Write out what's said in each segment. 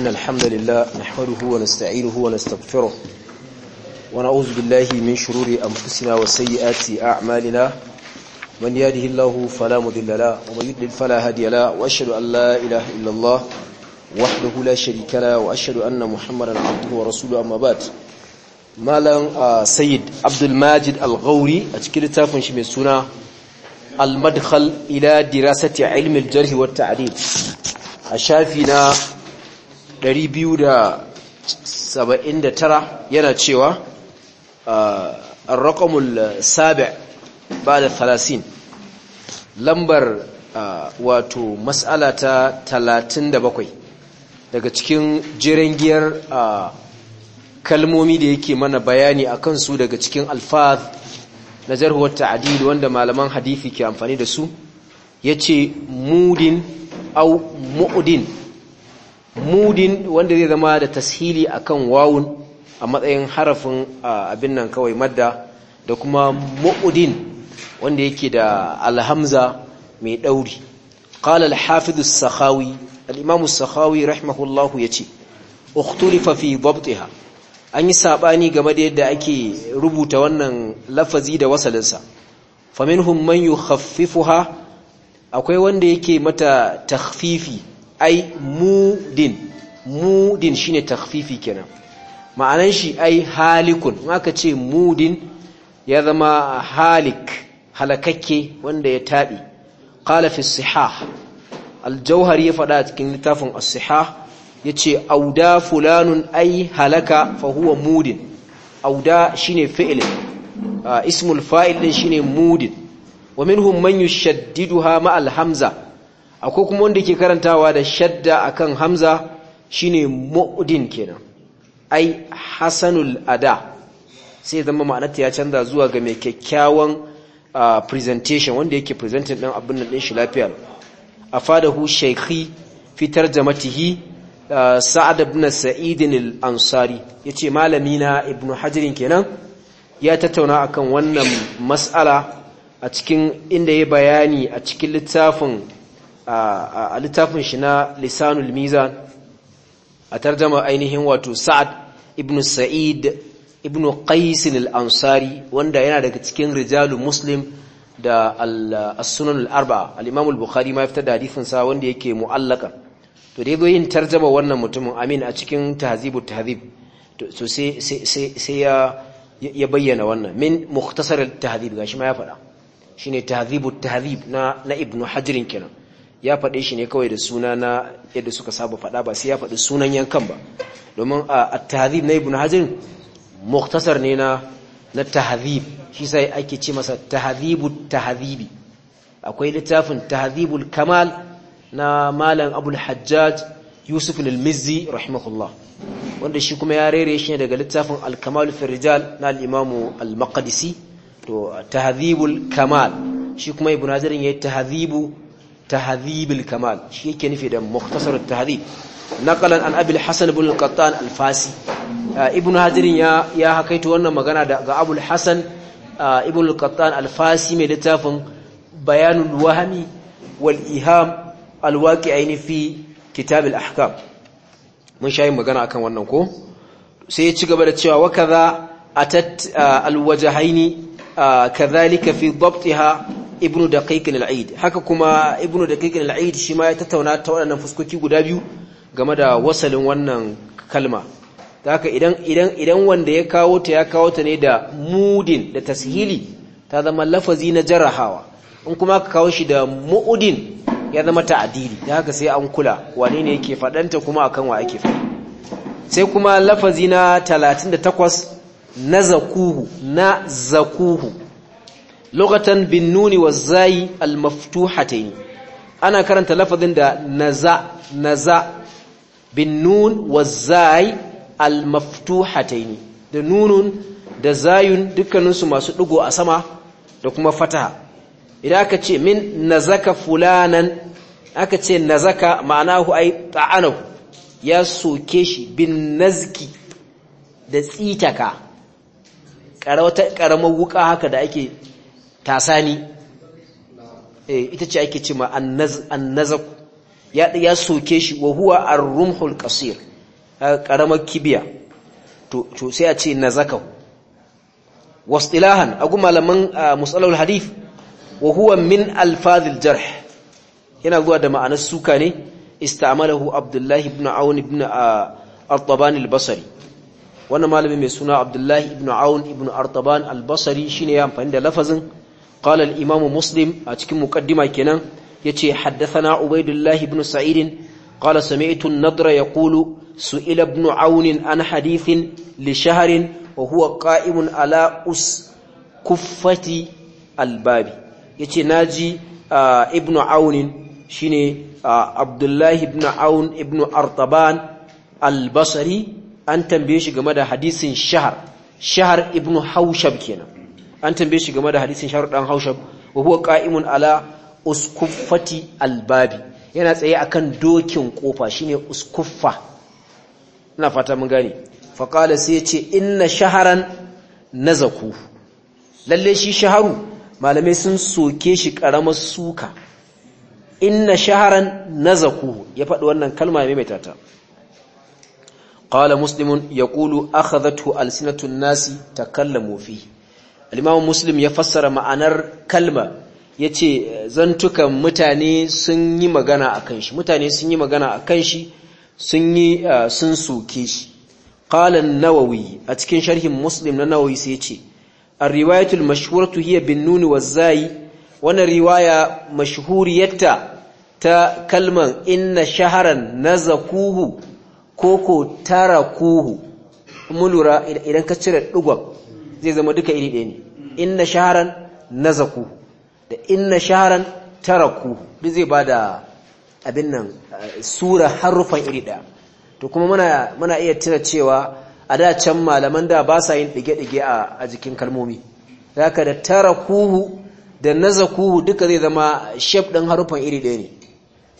إن الحمد لله نحمده ونستعينه ونستغفره ونعوذ بالله من شرور أنفسنا وسيئات أعمالنا من يهده الله فلا مضل له ومن يضلل فلا هادي له وأشهد أن لا إله إلا الله وحده لا شريك له وأشهد أن محمدا عبده ورسوله أما بعد مالا سيد عبد الماجد الغوري أتكلم تافن شي سنة المدخل إلى دراسة علم الجرح والتعديل الشافي na 279 yana cewa ah, arraƙamul sabi ba ah, da talasin lambar wato matsala ta 37 daga cikin jirangiyar ah, kalmomi da yake mana bayani a kansu daga cikin alfaz na jarhuwar ta'adil wanda malaman hadithi ke amfani da su ya ce mudin au mu'udin mudin wanda zai zama da tashili akan wawun a matsayin harafin abin nan kawai madda da kuma mu'udin wanda yake da alhamza mai dauri qala al-hafiz as-sakhawi al-imam as-sakhawi rahimahullahu yace ukhtulifa fi dabtiha an yi sabani game da yadda ake rubuta wannan lafazi da wasalinsa faminhum man yukhaffifuha akwai wanda yake mata takhfifi ai mudin mudin shine takfifi kenan ma'anan shi ai halikun aka ce mudin ya zama halik halakakke wanda ya tabi qala fi sihah al-jauhari ya fada cikin littafin as-sihah yace auda fulanun ai halaka fa huwa mudin auda shine fi'il ismul fa'il din shine mudin wa minhum man yushaddiduha ma al-hamza akwai kuma wanda ke karantawa da shadda akan hamza shine mu'din kenan ai hasanul ada sai zama ma'anarta ya canza zuwa ga mai kyakkyawan presentation wanda yake presenting din abin nan din shi lafiya afadahu shaykhi fitar jamatihi sa'ad ibn sa'id al-ansari yace malami na ibnu hajar kenan ya tattauna akan wannan mas'ala a cikin inda ya bayani a cikin littafin a littafin shi na lisanul mizan a tarjama ainihin wato sa'ad ibn sa'id ibn qais al-ansari wanda yana daga cikin rijalun muslim da as-sunan al-arba'a al-imam al-bukhari ma fitar da hadisin sa wanda yake mu'allaka to dai yin tarjama wannan mutumin amin a cikin tahzibut tahzib to sai sai ya bayyana wannan min mukhtasar at-tahzib gashi ma ya faɗa shine tahzibut tahzib na na ibn hajrin kenan ya faɗe shi ne kawai da suna na yadda suka saba faɗa ba sai ya faɗi sunan yankan ba domin a tahzib na ibn hajar muktasar ne na na tahzib shi sai ake ce masa tahzibu tahzibi akwai littafin tahzibul kamal na malam abul hajjaj yusuf al-mizzi rahimahullah wanda shi kuma ya rere shi ne daga littafin al-kamal fi rijal na al-imamu al-maqdisi to tahzibul kamal shi kuma ibn ya yi tahzibu tahdhibul kamal shi yake nufi da mukhtasar tahdhib naqalan an abul hasan ibn al-qattan al ibn hadirin ya ya wannan magana daga abul hasan ibn al-qattan mai littafin bayanul wahmi wal iham al-waqi'aini fi kitab ahkam mun shayi magana akan wannan ko sai ya ci gaba da cewa wa kaza atat al-wajhaini kadhalika fi dhabtiha ibnu daqiq al-aid haka kuma ibnu daqiq al-aid shi ma ya tattauna ta waɗannan fuskoki guda biyu game da wasalin wannan kalma ta haka idan idan idan wanda ya kawo ta ya kawo ta ne da mudin da tashili ta zama lafazi na jarahawa in kuma ka kawo shi da mu'udin ya zama ta'dili da haka sai an kula wane ne yake fadanta kuma akan wa ake fadi sai kuma lafazi na 38 na zakuhu na zakuhu lughatan bin nuni wazai hatani ana karanta lafazin da naza naza bin nun wazai hatani da nunun da zayun dukkaninsu masu dugo a sama da kuma fataha idan aka ce min nazaka fulanan aka ce nazaka ma'anahu ai ta'anahu ya soke shi bin nazki da tsitaka karamar wuka haka da ake tasani eh, ita ce ake ce ma annazak ya soke shi wa huwa ar qasir karamar kibiya to sai a ce nazakahu wasdilahan agu malaman musalul hadith wa huwa min alfazil jarh yana zuwa da ma'anar suka ne istamalahu abdullahi ibn aun ibn artaban wannan malami mai suna abdullahi ibn aun ibn artaban al shine ya amfani da lafazin قال الإمام مسلم أتكم مقدمة كنا يتي حدثنا عبيد الله بن سعيد قال سمعت النضر يقول سئل ابن عون عن حديث لشهر وهو قائم على أس كفة الباب يتي ناجي آه ابن عون شيني آه عبد الله بن عون ابن أرطبان البصري أن تنبيش قمد حديث شهر شهر ابن حوشب كنا an tambaye shi game da hadisin sharu dan haushab wa huwa ala uskuffati albabi yana tsaye akan dokin kofa shine uskuffa ina fata mun gane fa sai ce inna shaharan nazaku lalle shi shaharu malamai sun soke shi karamar suka inna shaharan nazaku ya faɗi wannan kalma mai ta qala muslimun yaqulu akhadhathu alsinatun nasi takallamu fihi limamin musulun ya fassara ma'anar kalma ya ce zantukan mutane sun yi magana kan shi mutane sun yi magana kan shi sun yi sun soke shi kalan nawawi a cikin sharhin Muslim na Nawawi sai ce, a riwayatul al-mashhuratu hiya bin nuni waz-zai wannan riwaya mashhuriyarta ta kalman inna shaharan nazakuhu koko tarakuhu mun lura idan ka cire digon zai zama duka iri ɗaya ne inna shaharan nazaku da inna shaharan taraku duk zai da abin nan eh, sura harufan iri ɗaya to kuma muna iya tuna cewa a da can malaman da ba sa yin ɗige-ɗige a jikin kalmomi zaka da tarakuhu da nazakuhu duka zai zama shef ɗin harufan iri ɗaya ne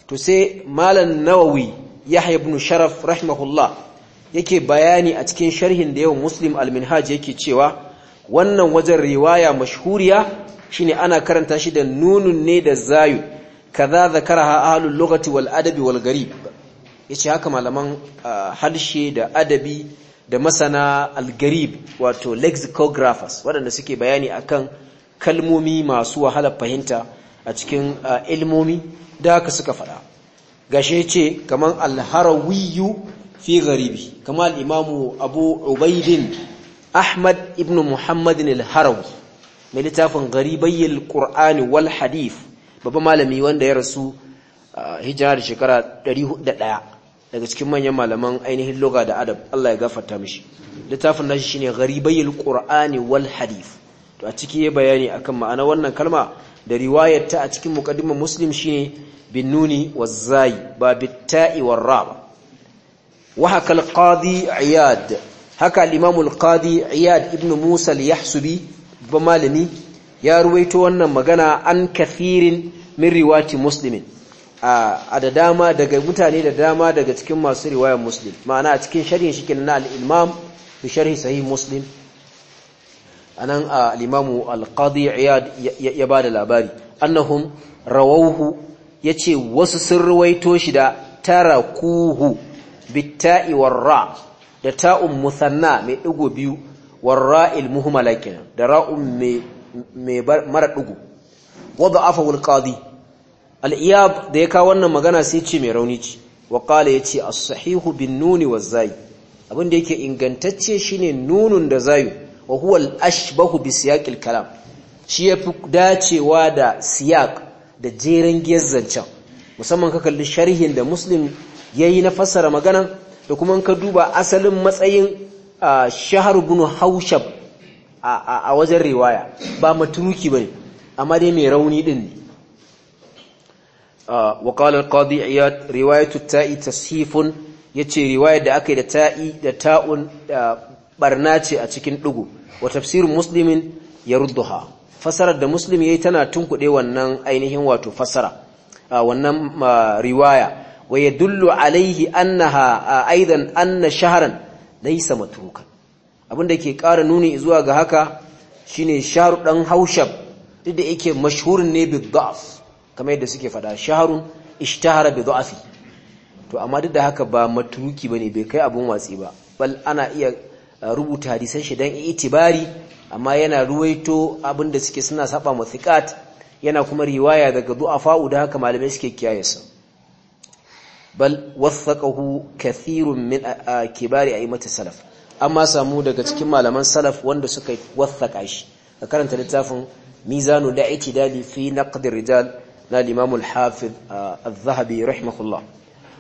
to sai malam nawawi yahya ibn sharaf rahimahullah yake bayani a cikin sharhin da yawan muslim al-minhaj yake cewa wannan wajen riwaya mashhuriya shine ana karanta shi da nunun ne da zayu kaza zakaraha ahlul lughati wal adabi wal gharib yace haka malaman ah, harshe da adabi da masana al wato lexicographers waɗanda suke bayani akan kalmomi masu wahalar fahimta a cikin ah, ilmomi da haka suka faɗa gashe yace kaman al harawiyu fi gharibi kaman imamu abu ubaidin ahmad ibn muhammadin al-harawi mai littafin garibayyar qur'ani wal hadith babban malami wanda ya rasu hijira da shekara 401 daga cikin manyan malaman ainihin loga da adab Allah ya gafarta mishi littafin nashi shine garibayyar qur'ani wal hadith to a ciki ya bayani akan ma'ana wannan kalma da riwayar ta a cikin muqaddimar muslim shine bin nuni waz zai ba bit ta'i war ra wa hakal qadi iyad haka limamul imamul qadi iyad ibn musa al-yahsubi malami ya ruwaito wannan magana an kafirin min riwati muslimin a da dama daga mutane da dama daga cikin masu riwayar muslim ma'ana a cikin sharhin shi kenan al-imam bi sharhi sahih muslim anan al-imam al-qadi iyad ya bada labari annahum rawawhu yace wasu sun ruwaito shi da tarakuhu bitta'i war ra da ta'un musanna mai digo biyu warra'il muhmala kenan da ra'un mai mara digo wadda wal qadi al da ya kawo wannan magana sai ce mai rauni ce wa qala yace as-sahihu bin nuni wa zai abin da yake ingantacce shine nunun da zayu wa huwa al-ashbahu bi siyaqil kalam shi ya fi dacewa da siyaq da jeren giyar zancen musamman ka kalli sharhin da muslim yayi na fassara magana. da kuma ka duba asalin matsayin shahar bunu haushab a wajen riwaya ba maturuki ba ne amma dai mai rauni din ne wa kawalar kawai qadi iyad riwayatu ta'i tasifun yace riwayar da aka yi da ta'i da ta'un barna ce a cikin dugu wa tafsirin musulmin ya yarduha fasarar da ya yi tana tunkuɗe wannan ainihin wato fasara wannan riwaya ويدل عليه annaha أيضا anna شهرا ليس متروكا abin da ke ƙara nuni zuwa ga haka shine sharu dan haushab duk da yake mashhurin ne bi dhaf kamar yadda suke fada shahrun ishtahara bi dhafi to amma duk da haka ba maturuki bane bai kai abun watsi ba bal ana iya rubuta hadisan shi dan itibari amma yana ruwaito abin da suke suna saba mathiqat yana kuma riwaya daga u da haka malamai suke kiyaye su bal wathaqahu kathirun min kibari mata salaf amma samu daga cikin malaman salaf wanda suka wathaka shi ka karanta littafin mizanu da itidali fi naqd rijal na limam al-hafiz az-zahabi rahimahullah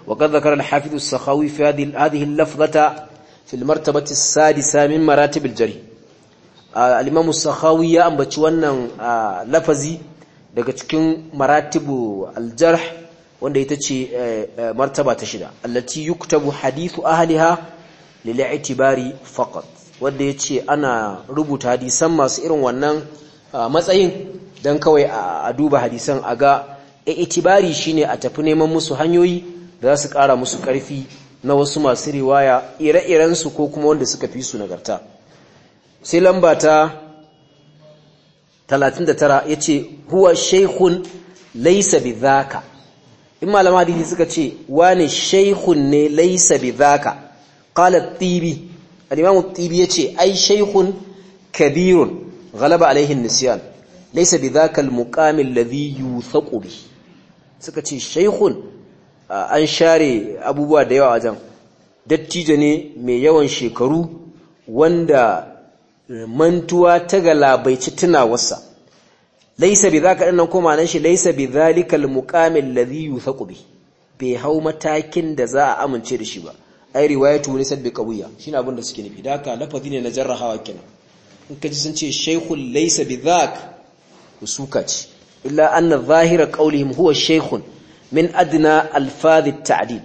wa qad dhakara al-hafiz as-sakhawi fi hadhihi al-lafdhata fi al-martabah as-sadisa min maratib al-jari al-imam as-sakhawi ya ambaci wannan lafazi daga cikin maratibu al-jarh wanda ita ce eh, eh, martaba ta shida allati yuktabu hadithu ahliha lil'itibari i'tibari faqat wanda yace ana rubuta hadisan masu irin wannan matsayin dan kawai a duba hadisan a ga eh, i'tibari shine a tafi neman musu hanyoyi da za su kara musu karfi na wasu masu riwaya ire-iren su ko kuma wanda suka fi su nagarta sai lamba ta 39 yace huwa shaykhun laysa bidhaka in malama hadisi suka ce wani shaykhun ne laysa bidhaka qala tibi al-imam tibi yace ai shaykhun kabirun Galaba alayhi an-nisyan laysa bidhaka al-muqam alladhi yuthaqu bi suka ce shaykhun an share abubuwa da yawa wajen dattijo ne mai yawan shekaru wanda mantuwa ta galabaici tunawarsa laisa bi zaka dinnan ko ma'anar shi laisa bi zalikal muqamil ladhi yuthaqu bi bai hau matakin da za a amince da shi ba ai riwayatu ne sabbi qawiya shine abin da suke nufi daka lafazi ne na jarrahawa kenan in kaji sun ce shaykhun laisa bi zak illa anna zahira qawlihim huwa shaykhun min adna alfaz at-ta'dil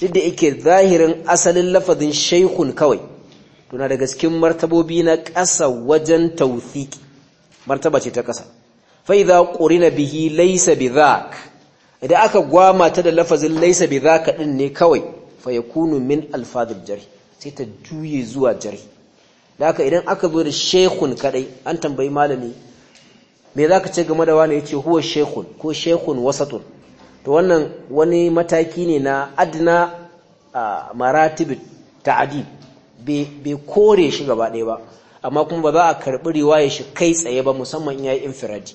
duk yake zahirin asalin lafazin shaykhun kawai tuna da gaskin martabobi na ƙasa wajen tawthiki martaba ce ta ƙasa fa qurina bihi laysa bidhak idan aka gwama ta da lafazin laysa bidhak din ne kawai fa yakunu min alfadhil jari sai ta juye zuwa jari haka idan aka zo da shaykhun kadai an tambayi malami me zaka ce game da wani yace huwa shaykhun ko shaykhun wasatun to wannan wani mataki ne na adna maratib ta'dib bai kore shi gaba ɗaya ba amma kuma ba za a karɓi riwaya shi kai tsaye ba musamman in yayi infiradi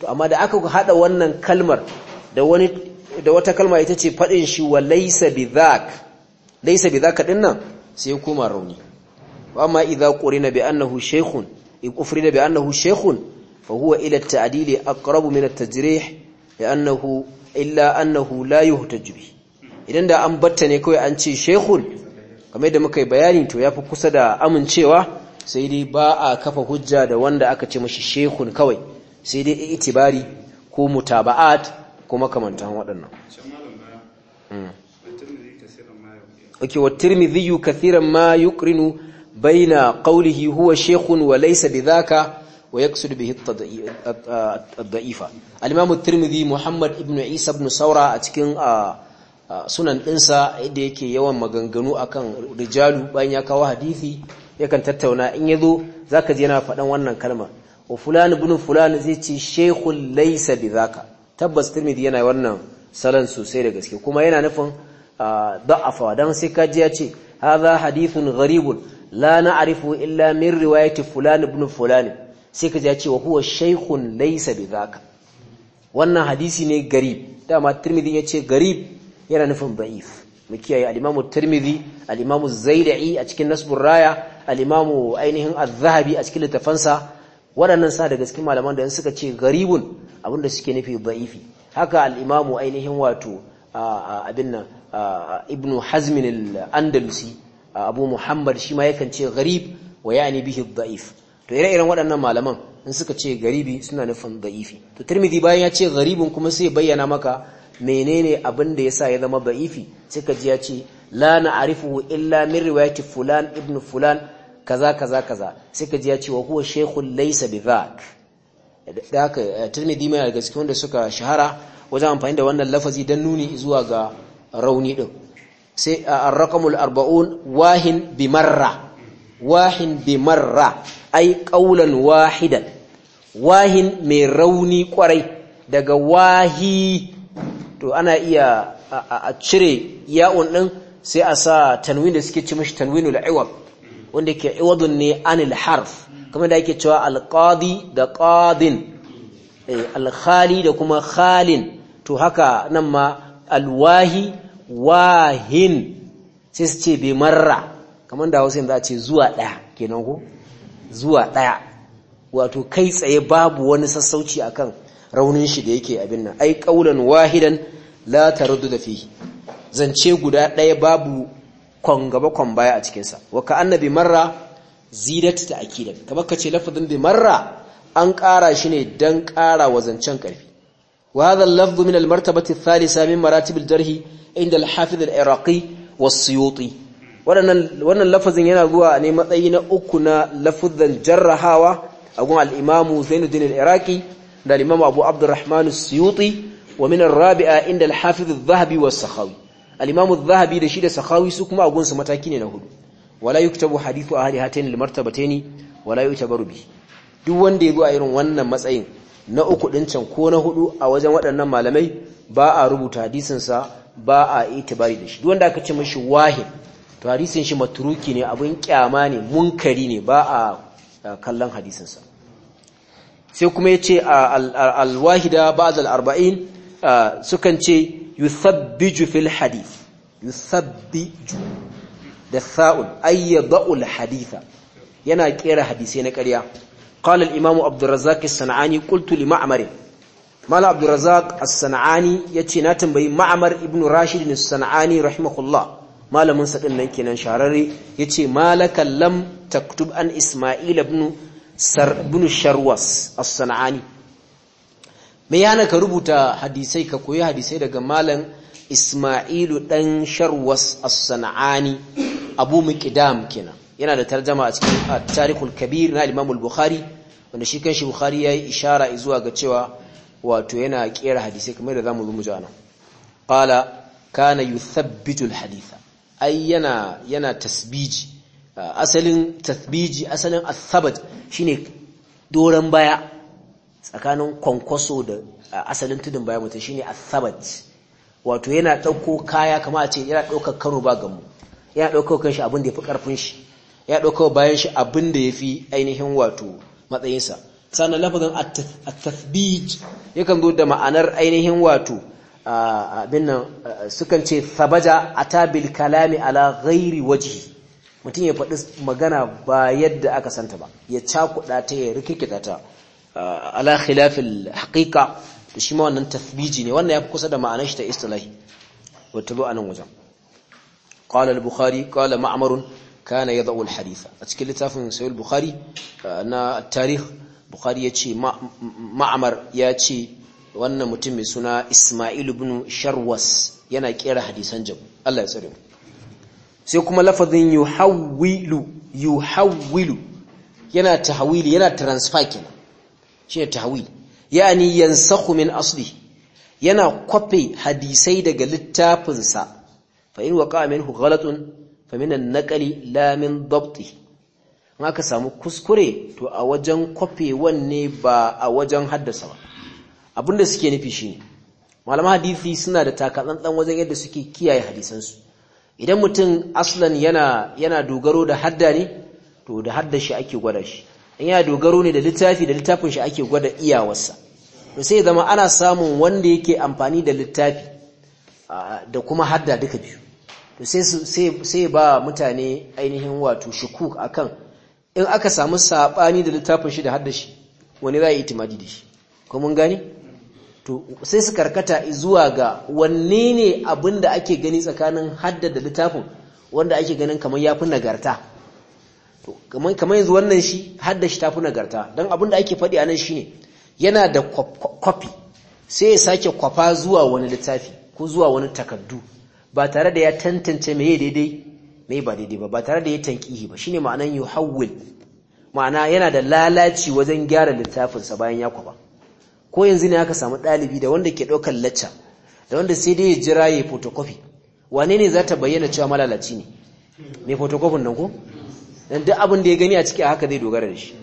to amma da aka hada wannan kalmar da wani da wata kalma ita ce fadin shi wa laysa bidhak laysa din nan sai ya koma rauni amma idza qurina bi annahu shaykhun in bi annahu shaykhun fa huwa ila at-ta'dili aqrabu min at-tajrih annahu illa annahu la yuhtaj bi idan da an batta ne kawai an ce shaykhun kamar da muka yi bayani to yafi kusa da amincewa sai dai ba a kafa hujja da wanda aka ce mashi shaykhun kawai sai dai itibari ko mutaba'at ko makamantan waɗannan hmm. wa tirmidhi kathiran ma yuqrinu baina qawlihi huwa shaykhun wa laysa bidhaka wa yaqsid bihi ad-da'ifa al-imam at-tirmidhi muhammad ibn isa ibn saura a cikin sunan ɗinsa da yake yawan maganganu akan rijalu bayan ya kawo hadisi yakan tattauna in yazo zaka ji yana faɗan wannan kalmar wa fulan ibn fulan zai ce shaykhun laysa bidhaka tabbas tirmidhi yana wannan salan sosai da gaske kuma yana nufin ah, da'afa dan sai kaji ya ce hadha hadithun gharibun la na'rifu illa min riwayati fulan ibn fulan sai kaji ya ce wa huwa shaykhun laysa bidhaka wannan hadisi ne garib dama tirmidhi ya ce garib yana nufin da'if mu kiyaye al-imamu tirmidhi al-imamu a cikin nasbur raya al-imamu ainihin az-zahabi a cikin littafansa waɗannan sa da cikin malaman da suka ce garibun abinda suke nufi ba'ifi haka al'imamu ainihin wato abin nan ibn hazmin al-andalusi abu muhammad shi ma yakan ce garib wa ya'ni bihi da'if to ire-iren waɗannan malaman in suka ce garibi suna nufin da'ifi to tirmidhi bayan ya ce garibun kuma sai bayyana maka menene abin da yasa ya zama ba'ifi sai ka ji ya ce la arifu illa min riwayati fulan ibn fulan kaza kaza kaza sai ka ji ya ce wa huwa shaykhun laysa bidhak da haka eh, tirmidhi mai daga wanda suka shahara wajen amfani da wannan lafazi dan nuni zuwa ga rauni din sai eh, ar-raqamul 40 wahin marra wahin bi marra ai ƙaulan wahidan wahin mai rauni kwarai daga wahi to ana iya a cire ya'un ɗin sai a sa tanwin da suke ci mishi tanwinul iwab wanda yake iwadun ne anil harf kamar da yake cewa alqadi da qadin eh, alkhali da kuma khalin to haka nan ma alwahi wahin sai su ce bai marra kaman da hausa yanzu a ce zuwa ɗaya kenan ko zuwa ɗaya wato kai tsaye babu wani sassauci akan raunin shi da yake abin nan ai qaulan wahidan la taruddu da fihi zance guda ɗaya babu kwan gaba kwan baya a cikinsa waka anna bi marra zidat ta akida kamar ka ce lafazin bi marra an ƙara shi ne don ƙara wa zancen ƙarfi wa hadha lafzu min al-martabati ath-thalitha min maratib al-jarh inda al-hafiz al-iraqi wannan wannan lafazin yana zuwa ne matsayi na uku na lafazan jarrahawa a gun al-imamu Zainuddin al-Iraqi da al-imamu Abu Abdurrahman as-Suyuti wa min ar-rabi'a inda al-hafiz adh-dhahabi sakhawi al-imam zahabi da shi da sakhawi su kuma agunsu mataki ne na hudu wala yuktabu hadithu ahli hatayn al-martabatayn wala yutabaru bi duk wanda yago a irin wannan matsayin na uku din can ko na hudu a wajen waɗannan malamai ba a rubuta hadisin sa ba a itibari da shi duk wanda aka ce mishi wahid to hadisin shi matruki ne abun kyama ne munkari ne ba a kallon hadisin sa sai kuma yace al-wahida ba'd al-arba'in sukan ce yusaddiju fil hadith yusaddiju da sa'ul ayyadul haditha yana kera hadisi na ƙarya qala al imam abdur razzaq as-sanani qultu li ma'mar mal abdur razzaq yace na tambayi ma'mar ibn rashid as-sanani rahimahullah malamin sa dinnan kenan sharare yace malaka lam taktub an isma'il ibn sharwas as me yana ka rubuta hadisai ka koyi hadisai daga malam Ismailu dan Sharwas As-Sanani Abu Miqdam kenan yana da tarjama a cikin At-Tarikhul Kabir na Imam Al-Bukhari wanda shi kanshi Bukhari yayi ishara zuwa ga cewa wato yana kera hadisai kamar da zamu zo mu ji anan qala kana yuthabbitu al-haditha ai yana yana tasbiji asalin tasbiji asalin as-sabat shine doran baya tsakanin kwankwaso da asalin tudun bayan mutum shine athabat wato yana ɗauko kaya kama a ce yana ɗaukar karo ba gamu yana ɗaukar kanshi abin da ya fi ƙarfin shi ya ɗaukar bayan shi abin da ya fi ainihin wato matsayinsa sannan lafazin at yakan zo da ma'anar ainihin wato abin nan sukan ce sabaja atabil kalami ala ghairi wajhi mutum ya faɗi magana ba yadda aka santa ba ya cakuɗa ta ya rikirkita ta ala khilafil haqiqa to shi ma wannan tasbiji ne wannan yafi kusa da ma'anar shi ta istilahi wato bu anan wajen qala al-bukhari qala ma'mar kana yad'u al-haditha a cikin littafin sahih al-bukhari na tarikh bukhari yace ma'mar yace wannan mutum mai suna isma'il ibn sharwas yana kera hadisan jabu Allah ya tsare sai kuma lafazin yuhawwilu yuhawwilu yana tahwili yana transfer kenan shine tahwil yani yansakhu min asli yana kwafe hadisai daga littafin sa fa in waqa minhu ghalatun fa min an-naqli la min dabti aka samu kuskure to a wajen kwafe wanne ba a wajen haddasa ba abinda suke nufi shine malaman hadisi suna da takatsantsan wajen yadda suke kiyaye hadisansu idan mutum aslan yana yana dogaro da hadda ne to da hadda shi ake gwada shi in ya dogaro ne da littafi da littafin shi ake gwada iyawarsa to sai zama ana samun wanda yake amfani da littafi da kuma hadda duka biyu to sai sai ba mutane ainihin wato shukuk akan in aka samu sabani da littafin shi da hadda shi wani za itimadi da shi ko mun gani to sai su karkata zuwa ga wanne ne abinda ake gani tsakanin hadda da littafin wanda ake ganin kamar yafi nagarta kamar yanzu wannan shi hadda shi tafi nagarta don abin da ake faɗi a nan shine yana da kwafi sai ya sake kwafa zuwa wani littafi ko zuwa wani takardu ba tare da ya tantance mai daidai mai ba daidai ba ba tare da ya tankihi ba shine ma'anan hawul ma'ana yana da lalaci wajen gyara littafinsa bayan ya kwafa ko yanzu ne aka samu ɗalibi da wanda ke ɗaukar lacca da wanda sai dai ya jira ya yi photocopy wane ne za ta bayyana cewa malalaci ne mai photocopy nan ko dan duk abin da ya gani a ciki a haka zai dogara da shi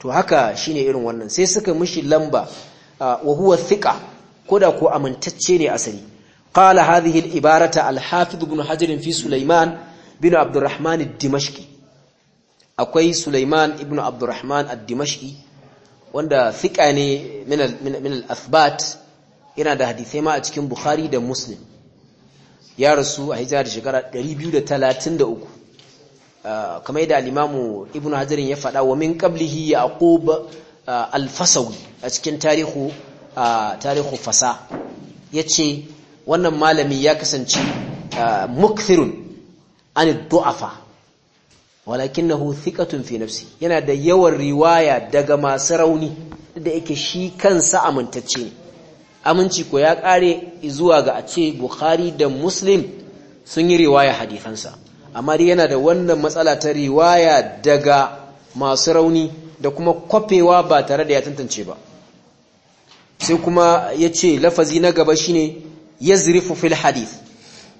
to haka shine irin wannan sai suka mishi lamba wa huwa thiqa koda ko amintacce ne asali qala hadhihi al-ibarata al-hafiz ibn hajar fi sulaiman bin abdurrahman ad-dimashqi akwai sulaiman ibn abdurrahman ad-dimashqi wanda thiqa ne min al-athbat yana da hadisai ma a cikin bukhari da muslim ya rasu a hijira da shekara 233 Ah, kamar yadda al-imamu ibnu hajarin ya faɗa wa min qablihi yaqub ah, al-fasawi a cikin tarihu ah, tarihu fasa yace wannan malami ya kasance mukthirun an du'afa walakinahu thiqatun fi nafsi yana da yawan riwaya daga masu rauni da yake shi kansa amintacce aminci ko ya kare zuwa ga a ce bukhari da muslim sun yi riwaya hadisansa amma yana da wannan matsala ta riwaya daga masu rauni da kuma kwafewa ba tare da ya tantance ba sai kuma ya ce lafazi na gaba shine ya zirifu fil hadith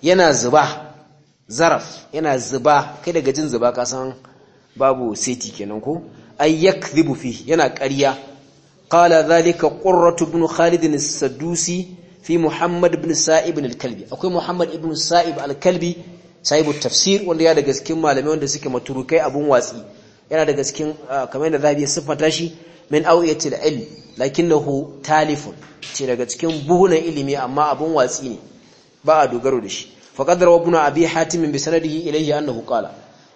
yana zuba zaraf yana zuba kai daga jin zuba kasan babu seti kenan ko Ayyak yakdhibu fi yana ƙarya qala zalika ƙurratu bin khalidin sadusi fi muhammad bin sa'ib al-kalbi akwai muhammad ibn sa'ib al-kalbi sahibu tafsir wanda ya daga cikin malamai wanda suke maturukai abun watsi yana daga cikin ah, kamar da zabi sifata shi min awiyatil ilm lakinnahu talifun ce daga cikin buhunan ilimi amma abun watsi ne ba a dogaro da shi faqad rawabuna abi hatim bi sanadihi ilayhi annahu qala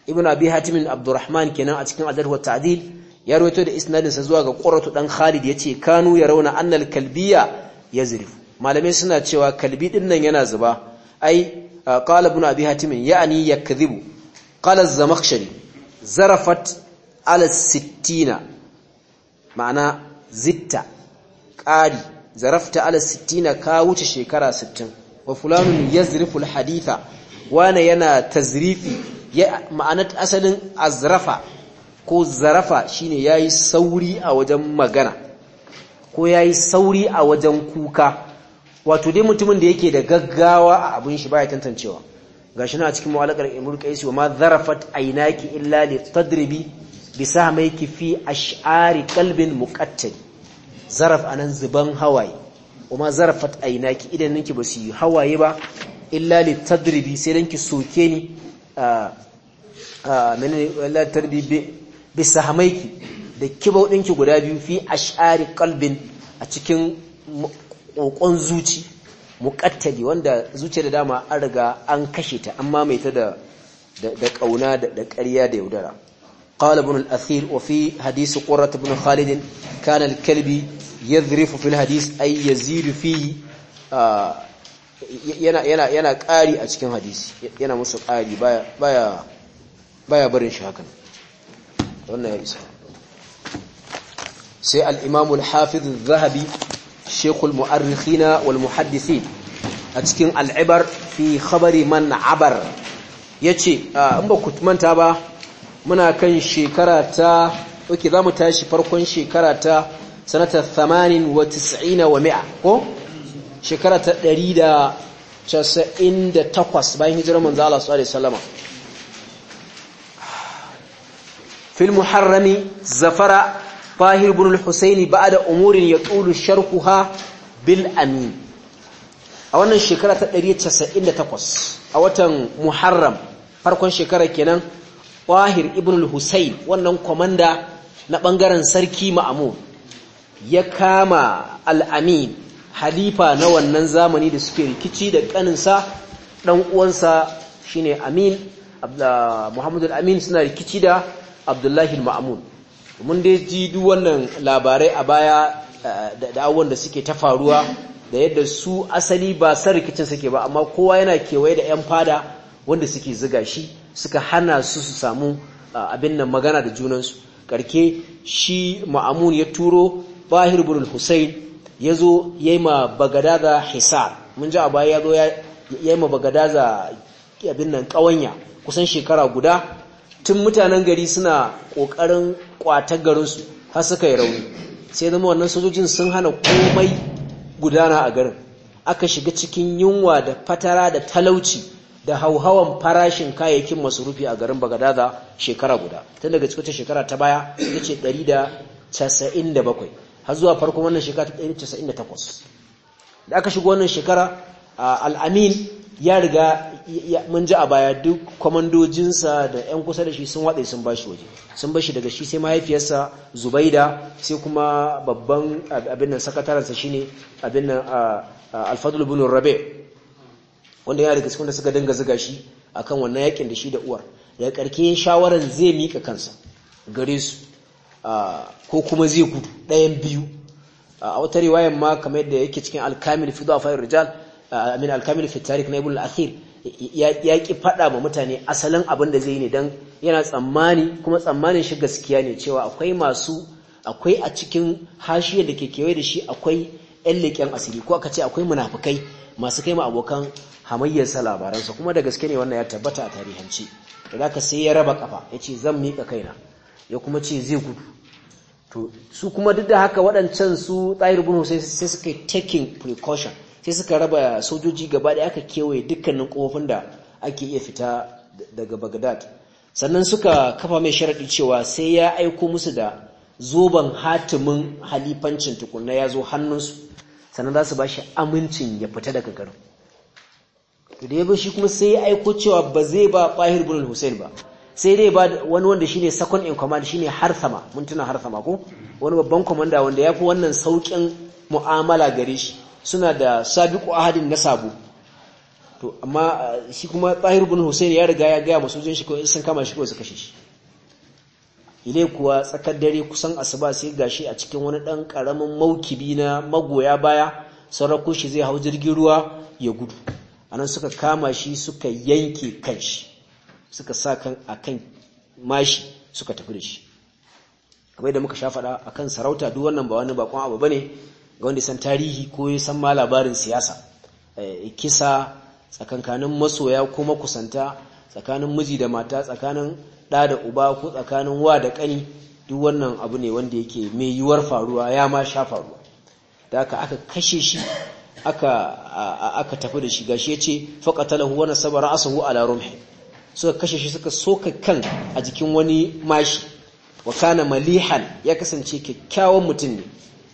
ibn abi hatim abdurrahman kenan a cikin adad wa ta'dil ya rawaito da isnadinsa zuwa ga qurratu dan khalid yace kanu yarawna annal kalbiya yazrif malamai suna cewa kalbi din nan yana zuba ai qala ibn abi hatim ya'ni yakdhibu qala az-zamakhshari zarafat ala sittina ma'ana zitta qari zarafta ala sittina ka wuce shekara 60 wa fulanun yazrifu al-haditha wana yana tazrifi ma'anat asalin azrafa ko zarafa shine yayi sauri a wajen magana ko yayi sauri a wajen kuka wato dai mutumin da yake da gaggawa a abin shi baya tantancewa gashi na cikin mu'allaqar imru qaisi wa ma zarafat aynaki illa li tadribi bi sahmayki fi ash'ari qalbin muqattal zaraf anan zuban hawaye wa ma zarafat aynaki idan ninki ba su yi hawaye ba illa li tadribi sai danki soke ni a a menene illa tadribi bi sahmayki da kibau dinki guda biyu fi ash'ari qalbin a cikin ƙoƙon zuci muƙattali wanda zuci da dama an riga an kashe ta an mamaita da ƙauna da ƙarya da yaudara قال ابن الأثير وفي حديث قرة بن خالد كان الكلب يذرف في الحديث أي يزيد فيه yana ƙari a cikin hadisi yana musu ƙari baya baya barin shi hakan wannan ya isa sai al'imamul imam al-Hafiz zahabi shekul mu'arrikhina wal muhaddisi a cikin al'ibar fi khabari man abar ya ce ah, in ba ku manta ba muna kan shekara ta oke za mu tashi farkon shekara ta sanata 98 wa mi'a ko shekara ta 198 bayan hijirar manzo Allah sallallahu alaihi wasallam fil muharrami zafara fahir bin al-husaini ba'da umurin yatulu sharhuha bil amin a wannan shekara ta 198 a watan muharram farkon shekara kenan fahir ibn al-husain wannan komanda na bangaren sarki ma'mun ya kama al-amin halifa na wannan zamani da suke rikici da kaninsa dan uwansa shine amin muhammadu al-amin suna rikici da abdullahi al-ma'mun mun dai ji duk wannan labarai a baya eh, da abubuwan da suke ta faruwa da yadda su asali ba san rikicin suke ba amma kowa yana kewaye da 'yan fada wanda suke ziga shi suka hana su su samu eh, abin nan magana da junansu karke shi ma'amun ya turo bahir bin hussein ya zo ya yi ma da hisar mun ji a baya ya zo ya yi ma bagadaza abin nan ƙawanya kusan shekara guda tun mutanen gari suna ƙoƙarin ƙwata garinsu har suka yi rauni sai zama wannan sojojin sun hana komai gudana a garin aka shiga cikin yunwa da fatara da talauci da hauhawan farashin kayayyakin masurufi a garin da shekara guda tun daga cikin shekara ta baya ya ce 197 har zuwa farko wannan shekara 198 da aka shiga wannan shekara al'amin ya riga mun ji a baya duk kwamandojinsa da 'yan kusa da shi sun watsa sun bashi waje sun bashi daga shi sai mahaifiyarsa zubaida sai kuma babban abin nan shi ne abin nan alfadul bin rabe wanda ya da cikin da suka dinga ziga shi akan wannan yakin da shi da uwar daga karke shawarar zai mika kansa gare su ko kuma zai gudu ɗayan biyu a wata riwayar ma kamar yadda yake cikin alkamil fi fayar rijal min alkamil fi na ibu al'akhir ya ki faɗa ma mutane asalin abin da zai yi ne don yana tsammani kuma tsammanin shi gaskiya ne cewa akwai masu akwai a cikin hashiyar da ke kewaye da shi akwai 'yan leƙen asiri ko aka ce akwai munafukai masu kai ma abokan hamayyarsa labaransa kuma da gaske ne wannan ya tabbata a tarihance da ka sai ya raba kafa ya ce zan miƙa kaina ya kuma ce zai gudu to su kuma duk da haka waɗancan su tsayar bin sai suka yi taking precaution sai suka raba sojoji gaba da aka kewaye dukkanin kofofin da ake iya fita daga Bagdad, sannan suka kafa mai sharaɗi cewa sai ya aiko musu da zoben hatimin halifancin tukunna ya zo hannunsu sannan za su ba shi amincin ya fita daga garin to da ya shi kuma sai ya aiko cewa ba zai ba Fahir bin Hussein ba sai dai ba wani wanda shine second in command shine Harsama mun tuna Harsama ko wani babban komanda wanda ya fi wannan saukin mu'amala gare shi suna da sabiku ahadin na sabo to amma uh, shi kuma Tahir bin Husayn ya riga ya gaya masu jin shi ko sun kama shi ko su kashe shi ile kuwa tsakar dare kusan asuba sai gashi a cikin wani dan karamin maukibi na magoya baya sarako shi zai hau jirgin ruwa ya gudu anan suka kama shi suka yanke kanshi suka sa kan akan mashi suka tafi da shi kamar da muka sha faɗa akan sarauta duk wannan ba wani bakon abu bane ga wanda san tarihi ko ya san ma labarin siyasa eh, kisa tsakankanin masoya ko makusanta tsakanin miji da mata tsakanin ɗa da uba ko tsakanin wa da ƙani duk wannan abu ne wanda yake mai yiwuwar faruwa ya ma sha faruwa da aka aka kashe shi aka aka tafi da shi gashi yace faqatalahu wa nasaba ra'sahu ala rumhi suka kashe shi suka soka kan a jikin wani mashi wa kana malihan ya kasance kyakkyawan mutum ne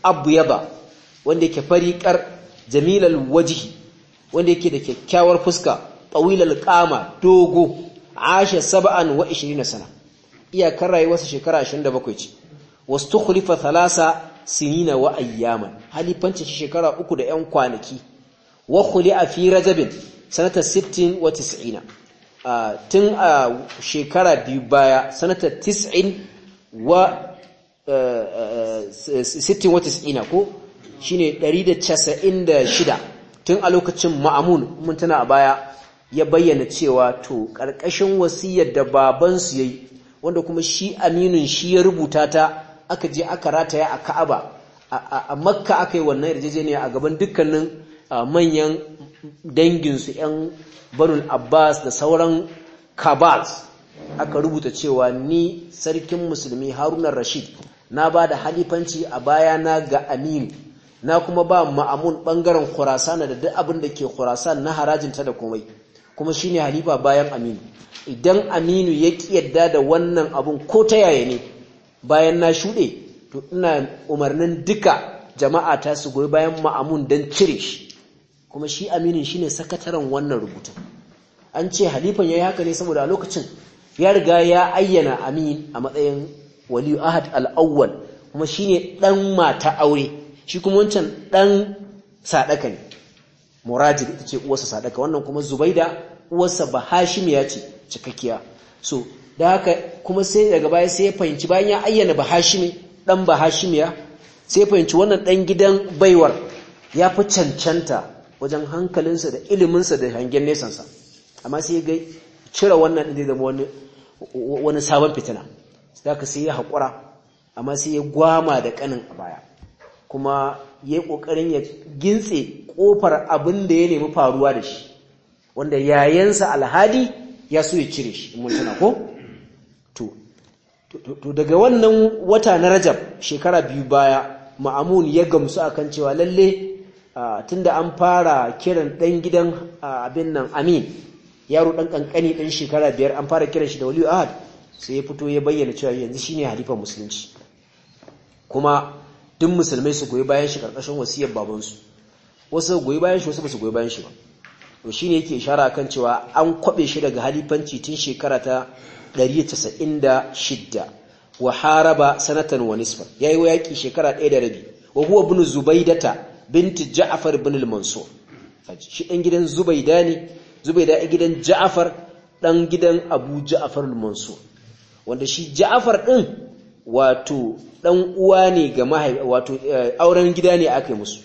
abu yaba wanda yake fariƙar jamilal wajihi wanda yake da kyakkyawar fuska tawilal qama dogo asha sab'an wa 20 sana iyakar rayuwarsa shekara 27 ce wastukhlifa thalasa sinina wa ayyaman halifanci shekara 3 da 'yan kwanaki wa khuli'a fi rajabin sanata 60 wa 90 tun a shekara biyu baya sanata 90 wa 60 wa 90 ko shine 196 tun a lokacin ma'amun mun tana a baya ya bayyana cewa to karkashin wasiyar da babansu yayi wanda kuma shi Aminu shi ya rubuta ta aka je aka rataya a Ka'aba a Makka aka yi wannan yarjejeniya a gaban dukkanin manyan danginsu 'yan Banul Abbas da sauran Kabals aka rubuta cewa ni sarkin musulmi Haruna Rashid na ba da halifanci a bayana ga Aminu na kuma ba ma'amun bangaren khurasana da duk abin da ke khurasan na harajinta da komai kuma shine halifa bayan aminu idan aminu ya yadda da wannan abun ko ta yaya ne bayan na shuɗe to ina umarnin duka jama'a ta su goyi bayan ma'amun don cire shi kuma shi aminin shine sakataren wannan rubutun an ce halifan ya yi haka ne saboda lokacin ya riga ya ayyana amin a matsayin waliyu ahad al'awwal kuma shine dan mata aure shi kuma wancan ɗan sadaka ne murajid ita ce uwarsa sadaka wannan kuma zubaida uwarsa ba ya ce cikakkiya so da haka kuma sai daga baya sai ya fahimci bayan ya ayyana ba hashim ɗan ba ya sai ya fahimci wannan ɗan gidan baiwar ya fi cancanta wajen hankalinsa da iliminsa da hangen nesansa amma sai ya ga cire wannan ɗin zama wani wani sabon fitina da haka sai ya haƙura amma sai ya gwama da kanin a baya kuma ya yi ƙoƙarin ya gintse ƙofar abin da ya nemi faruwa da shi wanda yayansa alhadi ya so ya cire shi in mutuna ko to daga wannan wata na rajab shekara biyu baya ma'amun ya gamsu a kan cewa lalle tunda an fara kiran ɗan gidan abin nan amin yaro ɗan ƙanƙani ɗan shekara biyar an fara kiran shi da waliyu ahad sai ya fito ya bayyana cewa yanzu shi ne halifar musulunci kuma duk musulmai su goyi bayan shi karkashin wasiyar babansu wasu goyi bayan shi wasu ba su goyi bayan shi ba to shine yake ishara kan cewa an kwabe shi daga halifanci tun shekara ta 196 wa haraba sanatan wa nisfa yayi yaki shekara 1 da rabi wa huwa ibn zubaidata binti ja'far ibn al-mansur shi dan gidan zubaida ne zubaida gidan ja'far dan gidan abu ja'far al-mansur wanda shi ja'far din wato dan uwa ne ga mahaifi wato eh, auren gida ne aka yi musu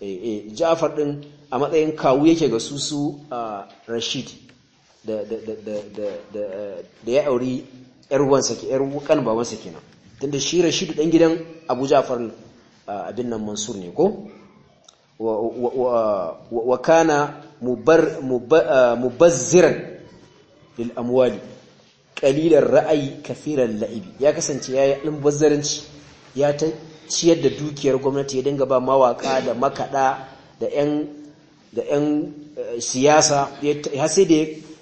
eh, eh, Ja'far din a matsayin kawu yake ga su su Rashid da ya auri yar ke babansa kenan tunda shi Rashid dan gidan Abu Ja'far abin nan Mansur ne ko wa kana mubazziran lil amwali Ƙalilar ra'ayi kafiran la'ibi ya kasance yayi bazzaranci ya ta ciyar da dukiyar gwamnati ya dinga ba mawaka da makaɗa da yan eh, siyasa ya sai da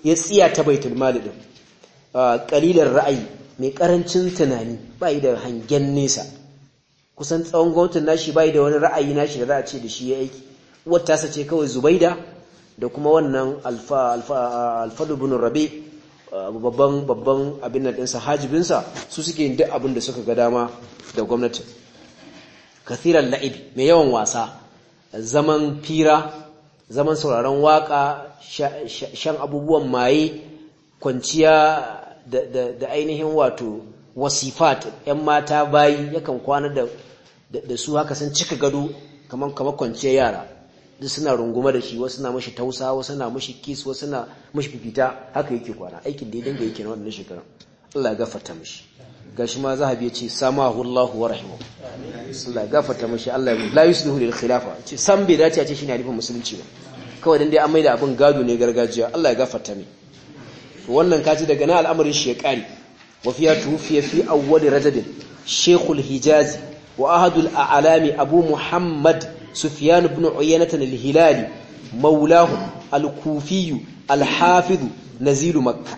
ya tsiya ta baitul mali din Ƙalilar ah, ra'ayi mai ƙarancin tunani ba yi da hangen nesa kusan tsawon gwamnatin nashi yi da wani ra'ayi nashi da za a ce da shi ya aiki wata sace kawai zubaida da kuma wannan alfa alfa alfa rabi' babban babban abin nan ɗinsa hajibinsa su suke yin duk abin da suka ga dama da gwamnati kathiran la'ibi mai yawan wasa zaman fira zaman sauraron waka shan abubuwan maye kwanciya da ainihin wato wasifat ‘yan mata bayi yakan kwana da su haka sun cika gado kamar kwanciyar yara duk suna runguma da shi wasu na mashi tausa wasu na mashi kis wasu na mashi fifita haka yake kwana aikin da ya danga yake na wannan shekaran Allah ya gafarta mishi gashi ma zahabi ya ce samahu Allahu wa rahimu Allah ya gafarta mishi Allah ya la yuslihu lil khilafa ce san bai dace a ce shine alifin musulunci ba kawai dan dai an maida abin gado ne gargajiya Allah ya gafarta mi wannan kaji daga na al'amarin shekari wa fiya tufiya fi awwal rajab shaykhul hijazi wa ahadul a'lami abu muhammad سفيان بن عيينة الهلالي مولاه الكوفي الحافظ نزيل Makka.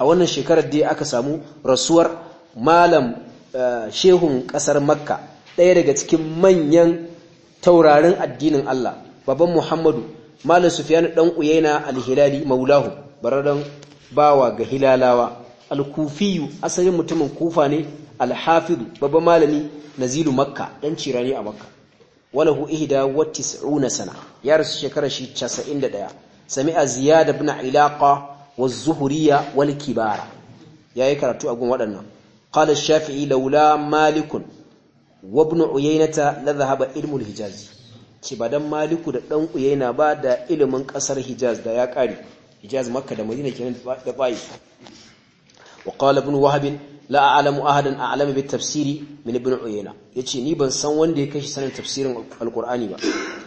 a wannan shekarar dai aka samu rasuwar malam eh, shehun ƙasar makka ɗaya daga cikin manyan taurarin addinin Allah baban muhammadu malam sufiyanu ɗan uyaina alhilali maulahu bararren bawa ga hilalawa alkufiyu asalin mutumin kufa ne alhafidu babban malami nazilu makka ɗan ne a makka walahu ihda wa tis'una sana ya rasu shekara shi 91 sami'a ziyad ibn ilaqa wa zuhriya wal kibara yayi karatu a gun waɗannan Kala shafi'i laula malikun wa ibn uyaynata la dhahaba ilmu al hijaz kibadan maliku da dan uyayna ba da ilimin kasar hijaz da ya kare hijaz makka da madina kenan da bai wa qala ibn wahab la a'lamu ahadan a'lamu bit tafsiri min ibn uyayna yace ni ban san wanda ya kashi sanin tafsirin alqur'ani ba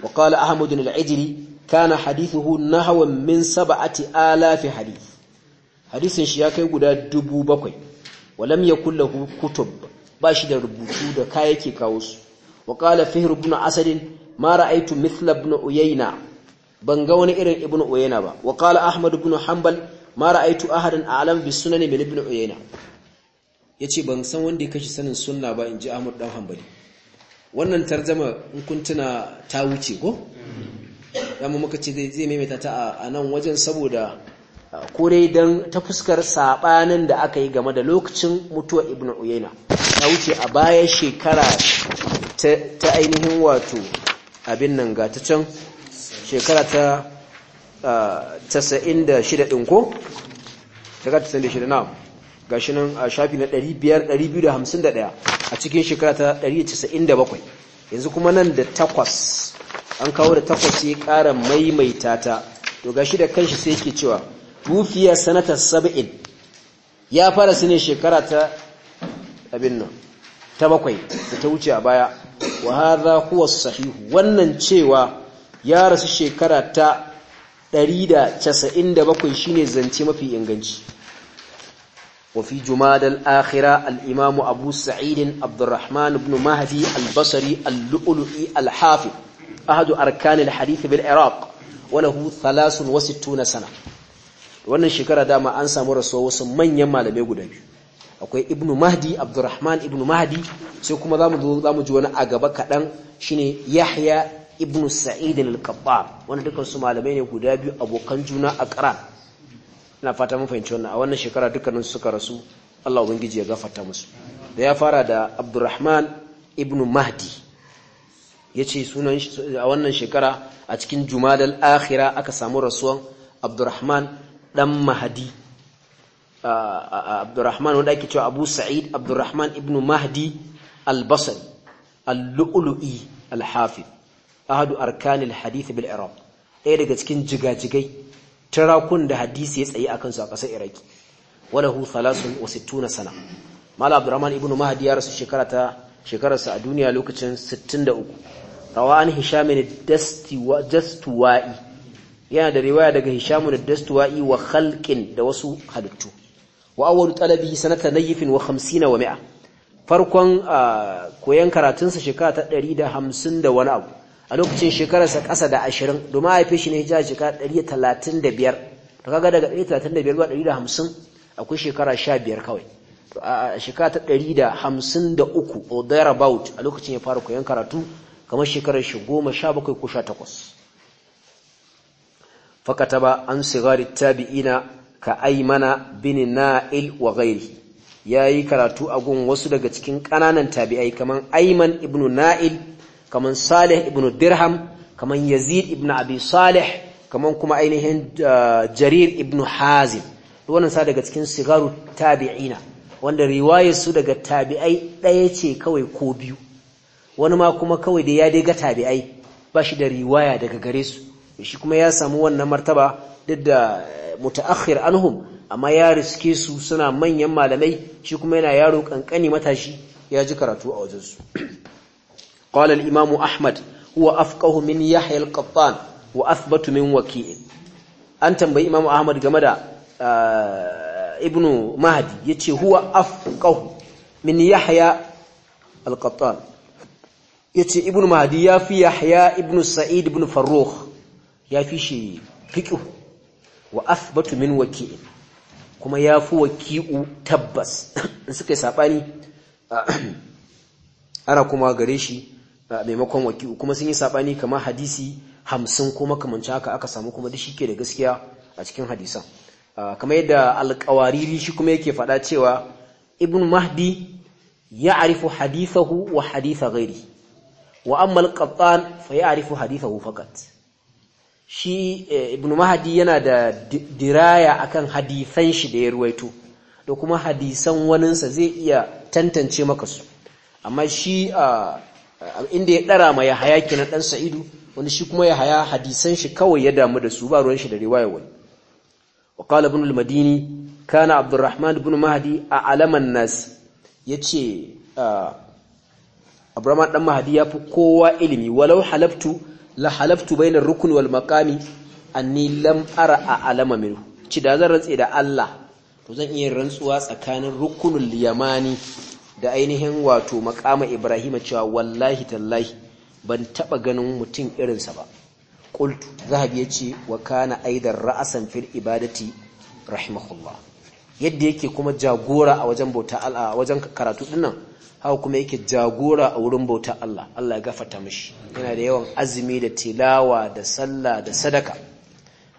wa qala ahmad al-ajli kana hadithuhu nahwan min sab'ati alafi hadith hadisin shi ya kai guda dubu bakwai walam yakul lahu kutub ba shi da rubutu da kaya yake kawo su wa qala fihr ibn asad ma ra'aytu mithla ibn uyayna ban ga wani irin ibn uyayna ba wa qala ahmad ibn hanbal ma ra'aytu ahadan a'lam bis sunan min ibn uyayna ya ce ban san wanda ya kashe sanin sunna ba in ji ahmad dan hambali wannan tarzama in kun ta wuce ko dama muka ce zai maimaita ta a nan wajen saboda kore don ta fuskar saɓanin da aka yi game da lokacin mutuwa ibn Uyena. ta wuce a baya shekara ta ainihin wato abin nan ga ta can shekara ta da shida ɗin ko? shekara shida na gashi nan a shafi na 251 a cikin shekara ta 197 yanzu kuma nan da takwas an kawo da takwas sai ƙara maimaita ta to gashi da kanshi sai yake cewa tufiya sanatar saba'in ya fara su ne shekara ta abin nan ta bakwai da ta wuce a baya wa hadha huwa sahihu wannan cewa ya rasu shekara ta 197 shine zance mafi inganci وفي جماد الآخرة الإمام أبو سعيد عبد الرحمن بن مهدي البصري اللؤلؤي الحافظ أحد أركان الحديث بالعراق وله ثلاث وستون سنة wannan shekara dama an samu rasuwa wasu manyan malamai guda akwai ibnu mahdi abdurrahman ibnu mahdi sai kuma zamu zo zamu ji wani a gaba kaɗan shine yahya ibnu sa'id al-qattan wanda dukkan su malamai ne guda biyu abokan juna a ina fata mun fahimci wannan a wannan shekara dukkanin suka rasu Allah ubangiji ya gafarta musu da ya fara da Abdurrahman ibn Mahdi yace sunan a wannan shekara a cikin Jumadal Akhira aka samu rasuwan Abdurrahman dan Mahdi Abdurrahman wanda ake cewa Abu Sa'id Abdurrahman ibn Mahdi al-Basri al-Lu'lu'i al-Hafiz ahadu arkanil hadith bil arab ɗaya daga cikin jigajigai tirakun da hadisi ya tsaye akan su a ƙasar iraki walahu 63 sana mala abdurrahman ibnu mahdi ya rasu shekara ta a duniya lokacin 63 rawan hisham bin dastiwa dastuwai yana da riwaya daga hisham bin dastuwai wa khalqin da wasu halittu wa awwalu talabi sanata nayfin wa 50 wa 100 farkon ah, koyan karatunsa shekara ta 150 da wani abu a lokacin shekararsa ƙasa da ashirin domin haife shi ne hijira shekara ɗari talatin da biyar to kaga daga ɗari talatin da biyar zuwa ɗari da hamsin akwai shekara sha biyar kawai a shekara ta ɗari da hamsin da uku or there about a lokacin ya fara koyon karatu kamar shekarar shi goma sha bakwai ko sha takwas fakata ba an sigari tabi'ina ka aimana bin na'il wa gairi ya yi karatu a gun wasu daga cikin ƙananan tabi'ai kamar aiman ibnu na'il kaman salih ibn dirham kamar yazid ibn abi salih kamar kuma ainihin uh, jarir ibn hazim wannan sa daga cikin sigaru tabi'ina wanda riwayar su daga tabi'ai ɗaya ce kawai ko biyu wani ma kuma kawai da ya dai ga tabi'ai ba shi da riwaya daga gare su shi kuma ya samu wannan martaba duk da eh, mutaakhir anhum amma ya riske su suna manyan malamai shi kuma yana yaro kankani matashi ya ji karatu a wajensu قال الإمام أحمد هو أفقه من يحيى القطان وأثبت من وكيئ an tambayi imamu ahmad game da مهدي mahdi ya ce huwa يحيى min يتي ابن مهدي ya ce ibnu mahdi ya fi yahya ibnu sa'id شيء فكه ya fi shi min kuma ya fi waki'u tabbas in suka yi saɓani ana kuma gare shi maimakon wakilu kuma sun yi sabani kamar hadisi hamsin ko makamanci haka aka samu kuma da shi ke da gaskiya a cikin hadisan kamar yadda alkawariri shi kuma yake faɗa cewa ibn mahdi ya arifu hadithahu wa haditha gairi wa amma al fa ya arifu hadithahu fakat shi e, ibn mahdi yana da diraya akan hadisan shi da ya ruwaito da kuma hadisan waninsa zai iya tantance maka su amma shi inda ya ɗara ma ya haya kenan ɗan sa'idu wani shi kuma ya haya hadisan shi kawai ya damu da su ba ruwan shi da riwaya wani wa qala ibn al-madini kana abdurrahman ibn mahdi a alaman nas yace abraman ah, dan mahdi ya fi kowa ilimi walau halaftu la halaftu bayna ar-rukn wal maqami anni lam ara a alama minhu ci da zan rantse da Allah to zan iya rantsuwa tsakanin rukunul yamani da ainihin wato makama ibrahim cewa wallahi tallahi ban taba ganin mutum irinsa ba zahab ya ce wa kana aidan ra'asan fil ibadati rahimahullah yadda yake kuma jagora a wajen bauta Allah wajen karatu dinnan haka kuma yake jagora a wurin bauta Allah Allah ya gafarta mishi yana da yawan azumi da tilawa da sallah da sadaka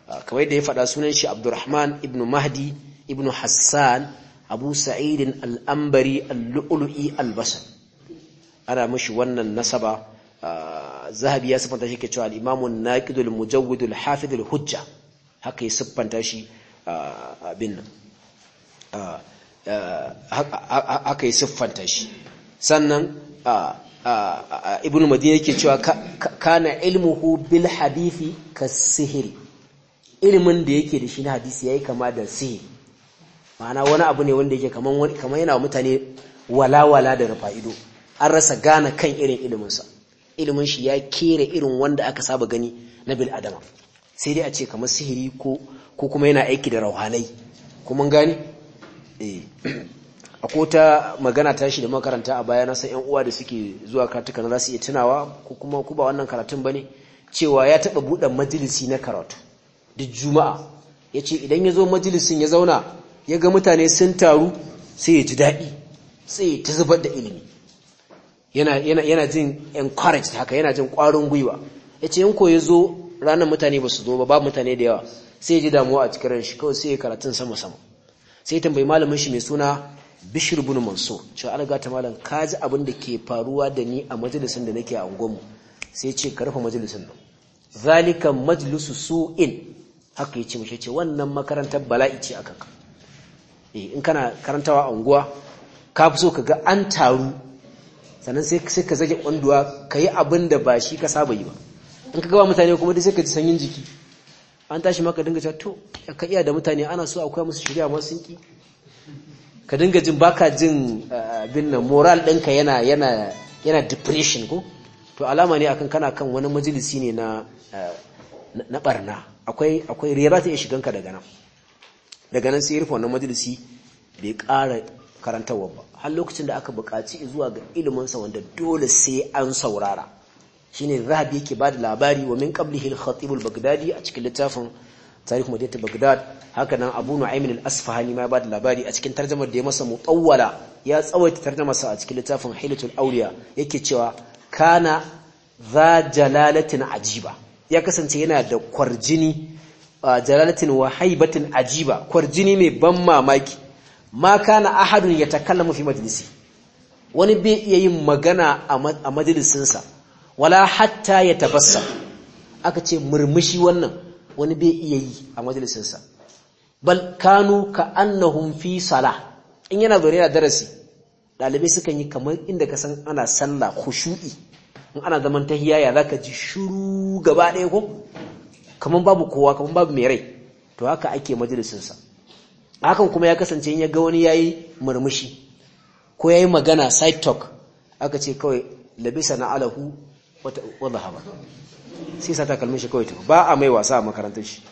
ah, kamar yadda ya faɗa sunan shi Abdurrahman ibn Mahdi ibn Hassan abu sa'idin al'ambari al'ulu'i albasa ana mashi wannan nasaba zahabi ya siffanta shi ke cewa al'imamun naƙidul mujawidul hafidul hujja haka ya siffanta shi abin nan haka ya siffanta shi sannan ibn madina yake cewa kana ilmuhu bil hadithi ka sihiri ilimin da yake da shi na hadisi yi kama da sihiri ma'ana wani abu ne wanda yake kamar kaman yana mutane walawala da rufa ido an rasa gane kan irin ilimin ilimin shi ya kere irin wanda aka saba gani na bil adama sai dai a ce kamar sihiri ko kuma yana aiki da rauhanai kuma gani eh. kota magana ta magana tashi da makaranta a baya nasa yan uwa da suke zuwa karatuka na za su iya tunawa ko kuma ku ba wannan karatun ba ne cewa ya taba buɗe majalisi na karatu duk juma'a ya ce idan ya zo majalisin ya zauna ya ga mutane sun taru sai ya ji daɗi sai ya ta zubar da ilimi yana jin encourage haka yana jin ƙwarin gwiwa ya ce yanko ya zo ranar mutane ba su zo ba babu mutane da yawa sai ya ji damuwa a cikin ranshi kawai sai ya karatun sama-sama sai tambayi malamin shi mai suna bishir bin manso cewa an gata malam ka ji abin da ke faruwa da ni a majalisun da nake a unguwanmu sai ce ka rufe majalisin nan zalika su su'in haka ya ce mashi ce wannan makarantar bala'i ce a kanka. Eh, in kana karantawa a unguwa ka fi so ka ga an taru sannan sai ka zage kwanduwa ka yi abin da ba shi ka saba yi ba in ka gaba mutane kuma dai sai ka ji sanyin jiki an tashi maka dinga cewa to ka iya da mutane ana so akwai musu shirya masu sinki ka dinga jin ba ka jin eh, abin nan moral ɗinka yana yana yana depression ko to alama ne akan kana kan wani majalisi ne na barna eh, akwai akwai rera ta iya shiganka daga nan daga nan sai ya rufe wannan majalisi bai ƙara karantarwa ba har lokacin da aka buƙaci zuwa ga iliminsa wanda dole sai an saurara shine rahabi yake ba da labari wa min qablihi al-khatib al-baghdadi a cikin littafin tarikh madinat baghdad haka nan abu nu'aym al-asfahani ma ba da labari a cikin tarjumar da ya masa mutawwala ya tsawaita sa a cikin littafin hilatul awliya yake cewa kana za jalalatin ajiba ya kasance yana da kwarjini jalalatin wa haibatin ajiba kwarjini mai ban mamaki ma kana ahadun takalla mafi majlisi wani bai iya yin magana a majalisinsa wala hatta ya tabassa aka ce murmushi wannan wani bai iya yi a majalisinsa bal kanu ka annahum fi sala in yana zaune a darasi dalibai sukan yi kamar inda ka san ana sallah khushu'i in ana zaman tahiyya ya zaka ji shuru gaba ɗaya ko kaman babu kowa kaman babu mai rai to haka ake majalisinsa hakan kuma ya kasance in ya ga wani yayi murmushi ko yayi magana side talk aka ce kawai labisa na alahu wa dhahaba sai sa takalmin shi kawai to ba a mai wasa a makarantar shi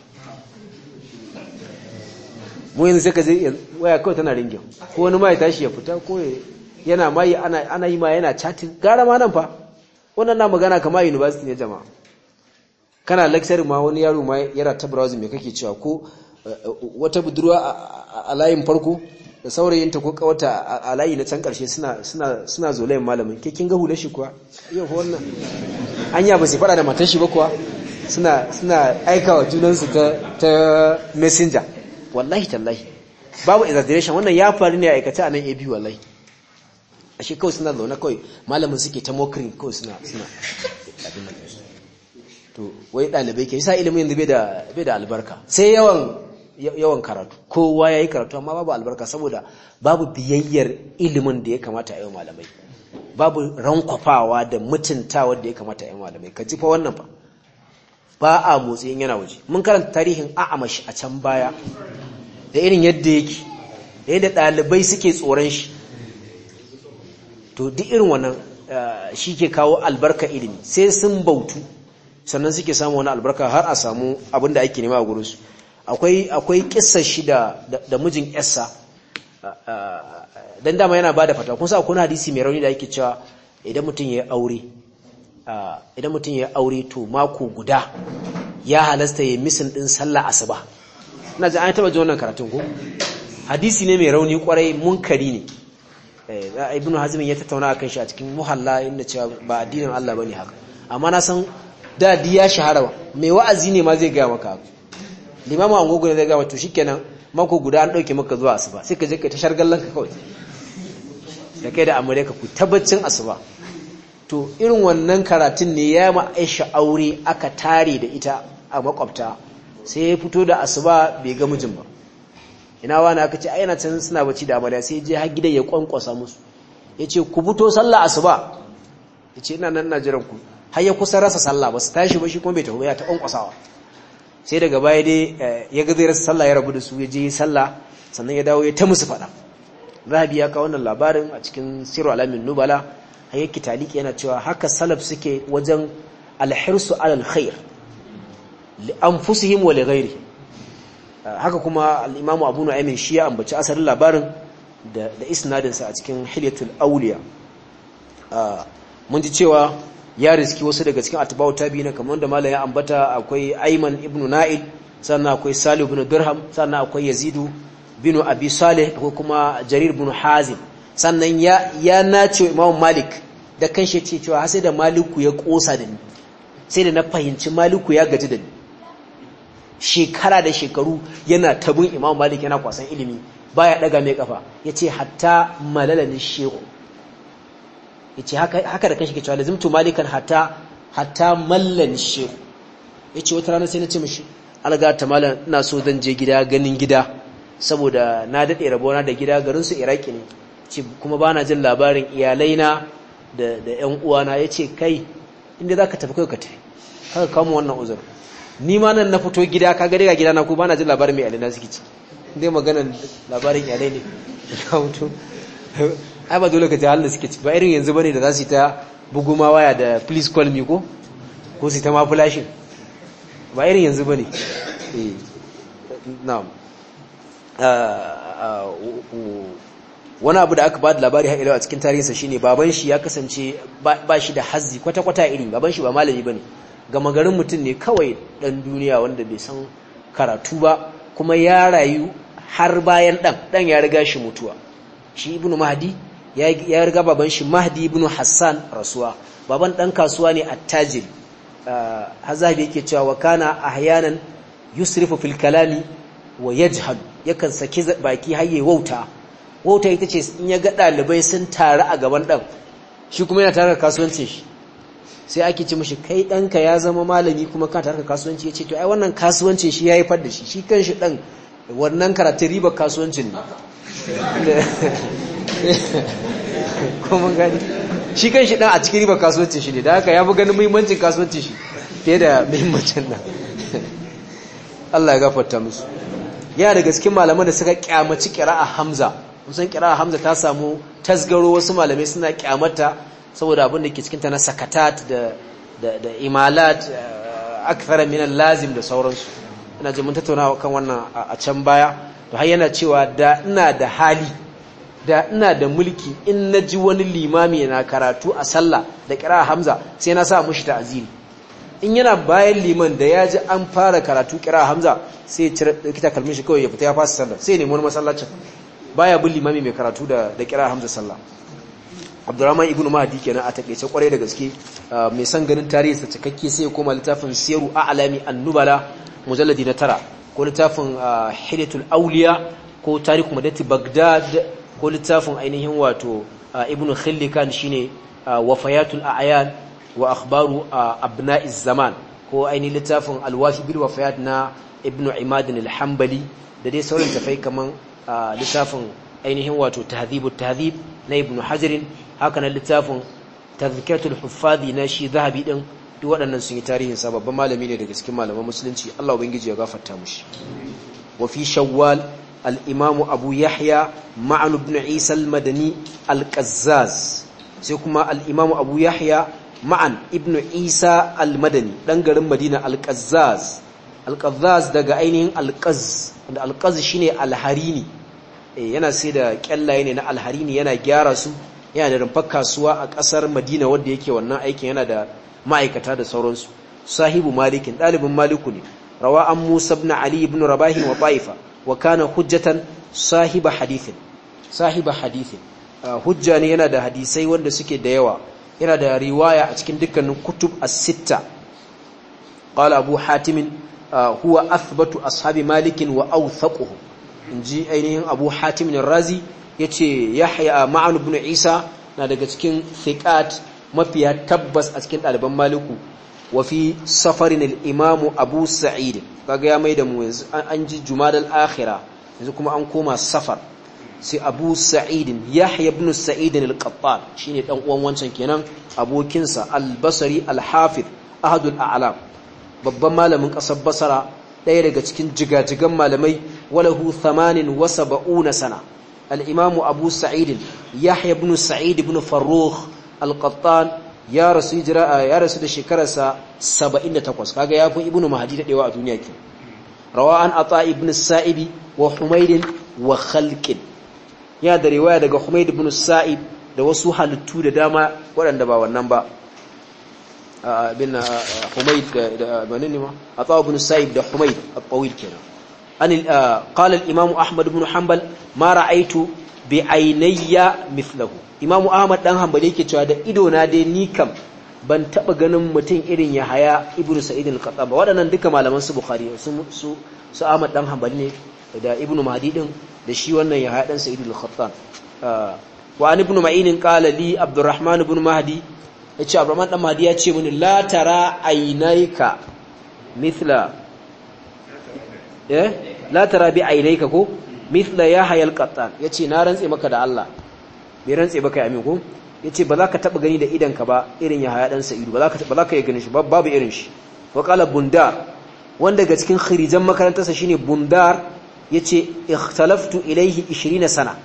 mu yanzu sai ka zai waya kawai tana ringe ko wani ma ya tashi ya fita ko yana mai ana yi ma yana chatting gara ma nan fa wannan na magana kama university ne jama'a kana lecturing ma wani yaro ma yana ta browsing me kake cewa ko eh, wata budurwa a layin farko da saurayinta ko kawata a layi na can karshe suna suna suna zolayin malamin ke kin ga hular shi kuwa yau ko wannan anya ba sai fada da matan shi ba kuwa suna suna aikawa junansu ta ta messenger wallahi tallahi babu exaggeration wannan ya faru ne a aikace a nan AB wallahi ashe kawai suna zaune kawai malamin suke ta mokrin kawai suna suna abin nan to wai dalibai ke sa ilimin yanzu bai da albarka sai yawan yawan karatu kowa yayi karatu amma babu albarka saboda babu biyayyar ilimin da ya kamata a yi malamai babu rankwafawa da mutuntawa da ya kamata a yi malamai ka ji fa wannan fa ba a motsi in yana waje mun karanta tarihin a'amashi a can baya da irin yadda yake da yadda ɗalibai suke tsoron shi to duk irin wannan eh, shi ke kawo albarka ilimi sai sun bautu sannan suke samu wani albarka har a samu abin da ake nema a gurinsu akwai akwai kissar shi da da mijin yasa dan dama yana bada fata kun sa akwai hadisi mai rauni da yake cewa idan mutum ya aure idan mutum ya aure to mako guda ya halasta ya misin din sallah asuba ina ji an taba ji wannan karatun ko hadisi ne mai rauni kwarai munkari ne eh, ibnu hazim ya tattauna akan shi a cikin muhalla inda cewa ba addinin Allah bane haka amma na san da di ya shahara ba mai wa'azi ne ma zai gaya maka limamu an gogo ne zai gaya to shikenan mako guda an dauke maka zuwa asuba sai ka je ka ta shargallan ka kawai da kai da amurka ku tabbacin asuba to irin wannan karatun ne ya ma aisha aure aka tare da ita a makwabta sai ya fito da asuba bai ga mijin ba ina wani aka ce ayyana can suna bacci da amarya sai je har gidan ya kwankwasa musu ya ce ku fito sallah asuba ya ce ina nan na jiran ku har ya kusa rasa sallah ba su tashi ba shi kuma bai tafi ya ta kwankwasawa sai daga baya dai eh, ya ga zai rasa sallah ya rabu da su ya je sallah sannan ya dawo ya ta musu faɗa zahabi ya kawo wannan labarin a cikin siru alamin nubala hayyaki taliki yana cewa haka salaf suke wajen alhirsu alal khair li anfusihim wa li ghairi eh, haka kuma al-imam abu nu'aymin shi ya ambaci asarin labarin da da isnadin sa a cikin hilyatul awliya eh, mun ji cewa ya riski wasu daga cikin atba'u tabi'ina kamar da malaya ambata akwai Ayman ibn na'il sannan akwai Salih ibn Durham sannan akwai Yazidu bin Abi Salih akwai kuma Jarir ibn Hazim sannan ya ya nace Imam Malik da kanshi ce cewa sai da Maliku ya kosa da ni sai da na fahimci Maliku ya gaji da ni shekara da shekaru yana tabun Imam Malik yana kwasan ilimi baya daga mai kafa yace hatta malalani shehu yace haka haka da kashi ke cewa lazimtu malikan hatta hatta mallan shi yace wata rana sai na ce mishi alga ta mallan ina so zan je gida ganin gida saboda na dade rabona da gida garin su iraki ne ce kuma bana jin labarin iyalaina da da ƴan uwana yace kai inda zaka tafi kai ka tafi haka kamo wannan uzur ni ma nan na fito gida ka ga daga gida na ku bana jin labarin mai iyalaina suke ci dai maganan labarin iyalai ne ka mutu ai ba dole ka ji halin da suke ba irin yanzu bane da za su ta buguma waya da please call me ko ko su ta ma flashin ba irin yanzu bane eh, na ah, ah, wani abu da aka ba da labari har ilawa a cikin tarihinsa shine baban shi ya kasance ba shi da hazi kwata-kwata iri baban shi ba malami bane gama garin mutum ne kawai dan duniya wanda bai san karatu ba kuma ya rayu har bayan dan dan ya riga shi mutuwa shi ibnu mahdi ya riga baban shi mahdi ibn hassan rasuwa baban dan kasuwa ne attajiri ah, hazabi yake cewa wa kana ahyanan yusrifu fil kalami wa yajhal yakan saki baki haye wauta wauta ita ce in ya ga dalibai sun taru a gaban dan shi kuma yana tare da kasuwancin sai ake ce mishi kai danka ya zama malami kuma ka tare da kasuwanci ya ce to ai wannan kasuwancin shi ya haifar fadda shi shi kanshi dan wannan karatun riba kasuwancin ne ko mun gani shi kan shi dan a cikin riba kasuwancin shi ne da haka ya fi ganin muhimmancin kasuwancin shi fiye da muhimmancin nan Allah ya gafarta musu yana daga cikin malaman da suka kyamaci a hamza musan a hamza ta samu tasgaro wasu malamai suna kyamata saboda abin da ke cikin ta na sakatat da da imalat eh, akthar min lazim da sauransu ina ji mun tattauna kan wannan a can baya to har yana cewa da ina da hali da ina da mulki in na ji wani limami na karatu a sallah da kira hamza sai na sa mushi ta'aziri in yana bayan liman da ya ji an fara karatu kira hamza sai cire kita kalmin shi kawai ya fita ya fasa sallah sai nemi wani masallacin baya bin limami mai karatu da da kira hamza sallah abdurrahman ibnu mahdi kenan a takaice kwarai da gaske mai san ganin tarihi sa cikakke sai ya koma littafin siru a'lami annubala mujalladi na tara ko littafin hidatul awliya ko tarihu madati bagdad ko littafin ainihin wato ibn khillikan shine wafayatul a'yan wa akhbaru abna'iz zaman ko ainihin littafin alwafi bil wafayat na ibn imad al da dai sauran tafai kaman littafin ainihin wato tahdhibut tahdhib na ibn hajarin haka na littafin tazkiyatul huffazi na shi zahabi din duk waɗannan sun yi tarihin sa malami ne daga cikin malaman musulunci Allah ubangiji ya gafarta mushi wa fi shawwal al'imamu abu yahya ma'anu ibn isa al-madani al-qazzaz sai kuma al'imamu abu yahya ma'an ibn isa al-madani ɗan garin madina al-qazzaz al daga ainihin al-qazz da shine al-harini eh, yana sai da kyallaye ne na al-harini yana gyara su yana da rumfar kasuwa a ƙasar madina wanda yake wannan aikin yana da ma'aikata da sauransu sahibu malikin ɗalibin maliku ne rawa an musa ibn ali ibn rabahin wa ta'ifa wa kana hujjatan sahiba hadithin sahiba hadithin hujja ne yana da hadisai wanda suke da yawa yana da riwaya a cikin dukkanin kutub as-sitta qala abu hatim huwa athbatu ashabi malikin wa awthaquhum inji ainihin abu hatim ar-razi yace yahya ma'an ibn isa na daga cikin thiqat mafiya tabbas a cikin ɗaliban maliku Wafi safarin al abu sa'id kaga ya maida mu yanzu an ji jumadar al yanzu kuma an koma safar sai abu sa'id yahya ibn sa'id al shine ɗan uwan wancan kenan abokinsa Albasari basri al-hafiz ahadul a'lam babban malamin ƙasar basara ɗaya daga cikin jigajigan malamai walahu 78 sana al-imam abu sa'id yahya ibn sa'id ibn farrukh al ya rasu hijira ya rasu da shekararsa 78 kaga ya fi ibnu mahdi dadewa a duniya ke rawa an ata ibn sa'ibi wa humayd wa khalq ya da riwaya daga humayd ibn sa'ib da wasu halittu da dama waɗanda ba wannan ba bin humayd da banani ma ata ibn sa'ib da humayd at-tawil kenan an qala al-imam ahmad ibn hanbal ma ra'aytu bi ainiya mithlahu imamu ahmad dan hanbali yake cewa da ido na dai ni kam ban taba ganin mutum irin ya haya ibnu sa'id al-qattan ba waɗannan duka malaman su bukhari su su su ahmad dan hanbali ne da ibnu mahdi din da shi wannan ya haya dan sa'id al-qattan ah, wa an ibnu ma'in qala li abdurrahman ibn mahdi yace abdurrahman dan mahdi ya ce mini la tara ainaika mithla eh la tara bi ainaika ko mithla ya hayal qattan yace na rantse maka da Allah bai rantse baka ya amin yace ba za ka taba gani da idanka ba irin haya dan sa'idu ba za ka ba za ka gani shi babu irin shi wa qala bundar wanda daga cikin khirijan makarantarsa shine bundar yace ikhtalaftu ilayhi 20 sana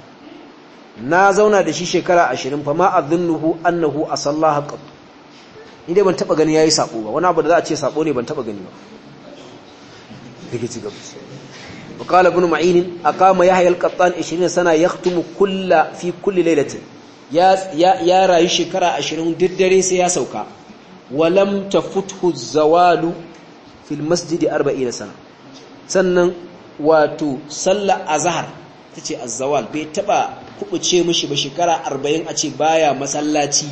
na zauna da shi shekara 20 fa ma adhunnuhu annahu asallaha qat ni dai ban taba gani yayi sako ba wani abu da za a ce sako ne ban taba gani ba dake ci gaba وقال ابن معين أقام يحيى القطان 20 سنة يختم كل في كل ليلة يا يا يا راي شكرا 20 ددري سي يا ولم تفته الزوال في المسجد 40 سنة sannan wato salla azhar tace azzawal bai taba kubuce mishi ba shekara 40 a ce baya masallaci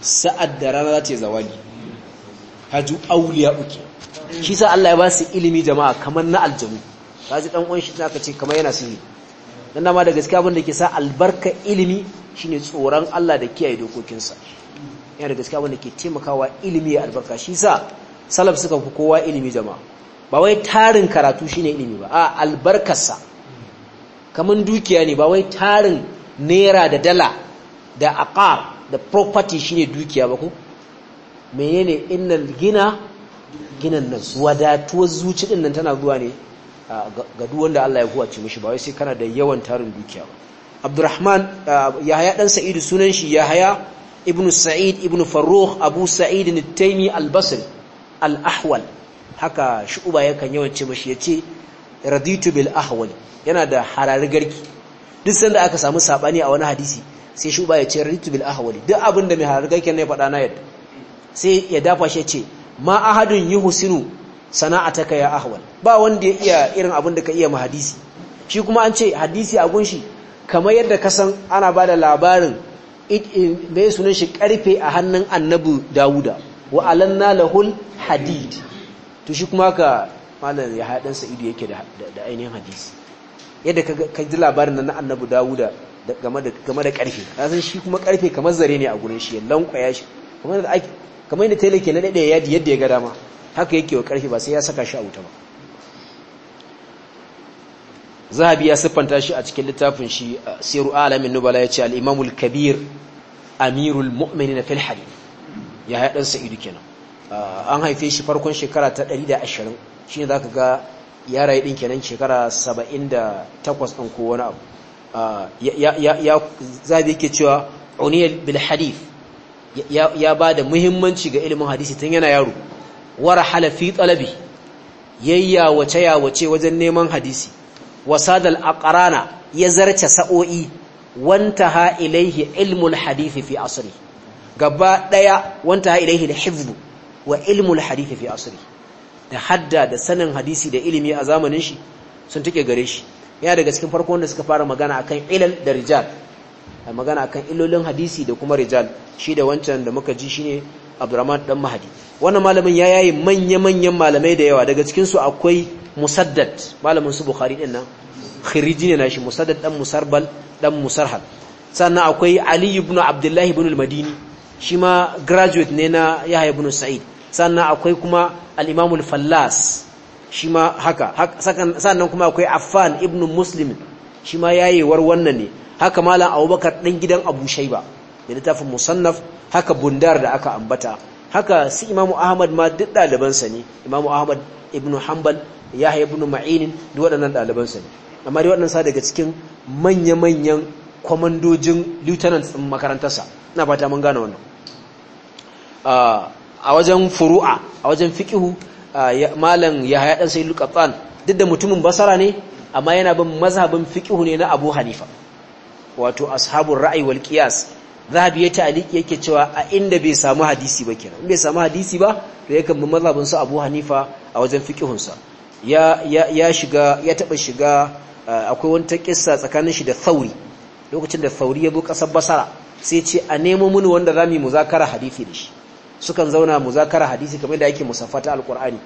sa'ad da rana za ta zawali haju auliya uke shi sa Allah ya ba su ilimi jama'a kamar na aljanu kaji dan uwan shi zaka ce kamar yana sihiri dan dama da gaskiya abin da ke sa albarka ilimi shine tsoron Allah da kiyaye dokokinsa yana da gaskiya wanda ke taimakawa ilimi ya albarka shi sa salaf suka fi kowa ilimi jama'a ba wai tarin karatu shine ilimi ba a sa kaman dukiya ne ba wai tarin naira da dala da aqar da property shine dukiya ba ko menene innal gina ginan nan wadatuwar zuci din tana zuwa ne ga duk wanda Allah ya huwace mishi ba wai sai kana da yawan tarin dukiya ba Abdurrahman Yahaya dan Sa'id sunan shi Yahaya ibn Sa'id ibn Farrukh Abu Sa'id al-Taymi al-Basri al-Ahwal haka shu'uba yakan yawan mishi yace raditu bil ahwal yana da harari garki duk sanda aka samu sabani a wani hadisi sai shuba ya ce raditu bil ahwal duk abin da mai harari garki ne faɗa na yadda sai ya dafa shi ce ma ahadun yuhsinu Sana'a sana'ataka ya ahwal ba wanda ya iya irin abin da ka iya ma shi kuma an ce hadisi a gunshi kamar yadda ka san ana ba da labarin ya sunan shi karfe a hannun annabu dawuda wa alanna lahul hadid to shi kuma ka malam ya haɗin sa'idu yake da ainihin hadisi yadda ka ji labarin na annabu dawuda game da karfe kasan shi kuma karfe kamar zare ne a gurin shi ya lankwaya shi kamar yadda ke na ɗaya yadda ya ga dama haka yake wa ƙarfi ba sai ya saka shi a wuta ba zahabi ya siffanta shi a cikin littafin shi siru alamin nubala ya ce al'imamul kabir amirul mu'mini na filhari ya haɗar sa'idu kenan an haife shi farkon shekara ta 120 shi ne za ka ga yara yi ɗin kenan shekara 78 ɗin ko wani abu zahabi yake cewa uniyar bilhadif ya ba da muhimmanci ga ilimin hadisi tun yana yaro warhala fi talabi yayya wace ya wace wajen neman hadisi wasadal aqrana ya zarce sa'o'i wantaha ilaihi ilmul hadisi fi asri gaba daya wantaha ilaihi alhifz wa ilmul hadisi fi asri da hadda da sanin hadisi da ilimi a zamanin shi sun take gare shi yana daga cikin farko wanda suka fara magana akan ilal da rijal magana akan ilolin hadisi da kuma rijal shi da wancan da muka ji shine Abdurrahman dan Mahdi wannan malamin ya yayi manya-manyan malamai da yawa daga cikinsu akwai musaddad malamin su bukhari din nan khiriji ne nashi musaddad dan musarbal dan musarhal sannan akwai ali ibn abdullah ibn al-madini shi ma graduate ne na yahya ibn sa'id sannan akwai kuma al-imam al-fallas shi ma haka sannan kuma akwai affan ibn muslim shi ma yayewar wannan ne haka malam abubakar dan gidan abu shaiba da littafin musannaf haka bundar da aka ambata haka su imamu ahmad ma duk ɗalibansa ne imamu ahmad Ibn hanbal yahya Ibn ma'inin duk waɗannan ɗalibansa ne amma dai waɗannan daga cikin manya-manyan kwamandojin lieutenant ɗin makarantarsa na fata mun gane wannan a wajen furu'a a wajen fiƙihu malam Yahaya ɗan yi al duk da mutumin basara ne amma yana bin mazhabin fiƙihu ne na abu hanifa wato ashabun ra'ayi wal zahabi ya ta'aliki yake cewa a inda bai samu hadisi ba kenan in bai samu hadisi ba to yakan bi mazhabin su Abu Hanifa a wajen fiqhun sa ya ya shiga ya taba shiga eh, akwai wata kissa tsakanin shi da Thauri lokacin da Thauri ya zo kasar Basra sai ce a nemo mini wanda zamu muzakara hadisi da shi sukan zauna muzakara hadisi kamar da yake musaffata alqur'ani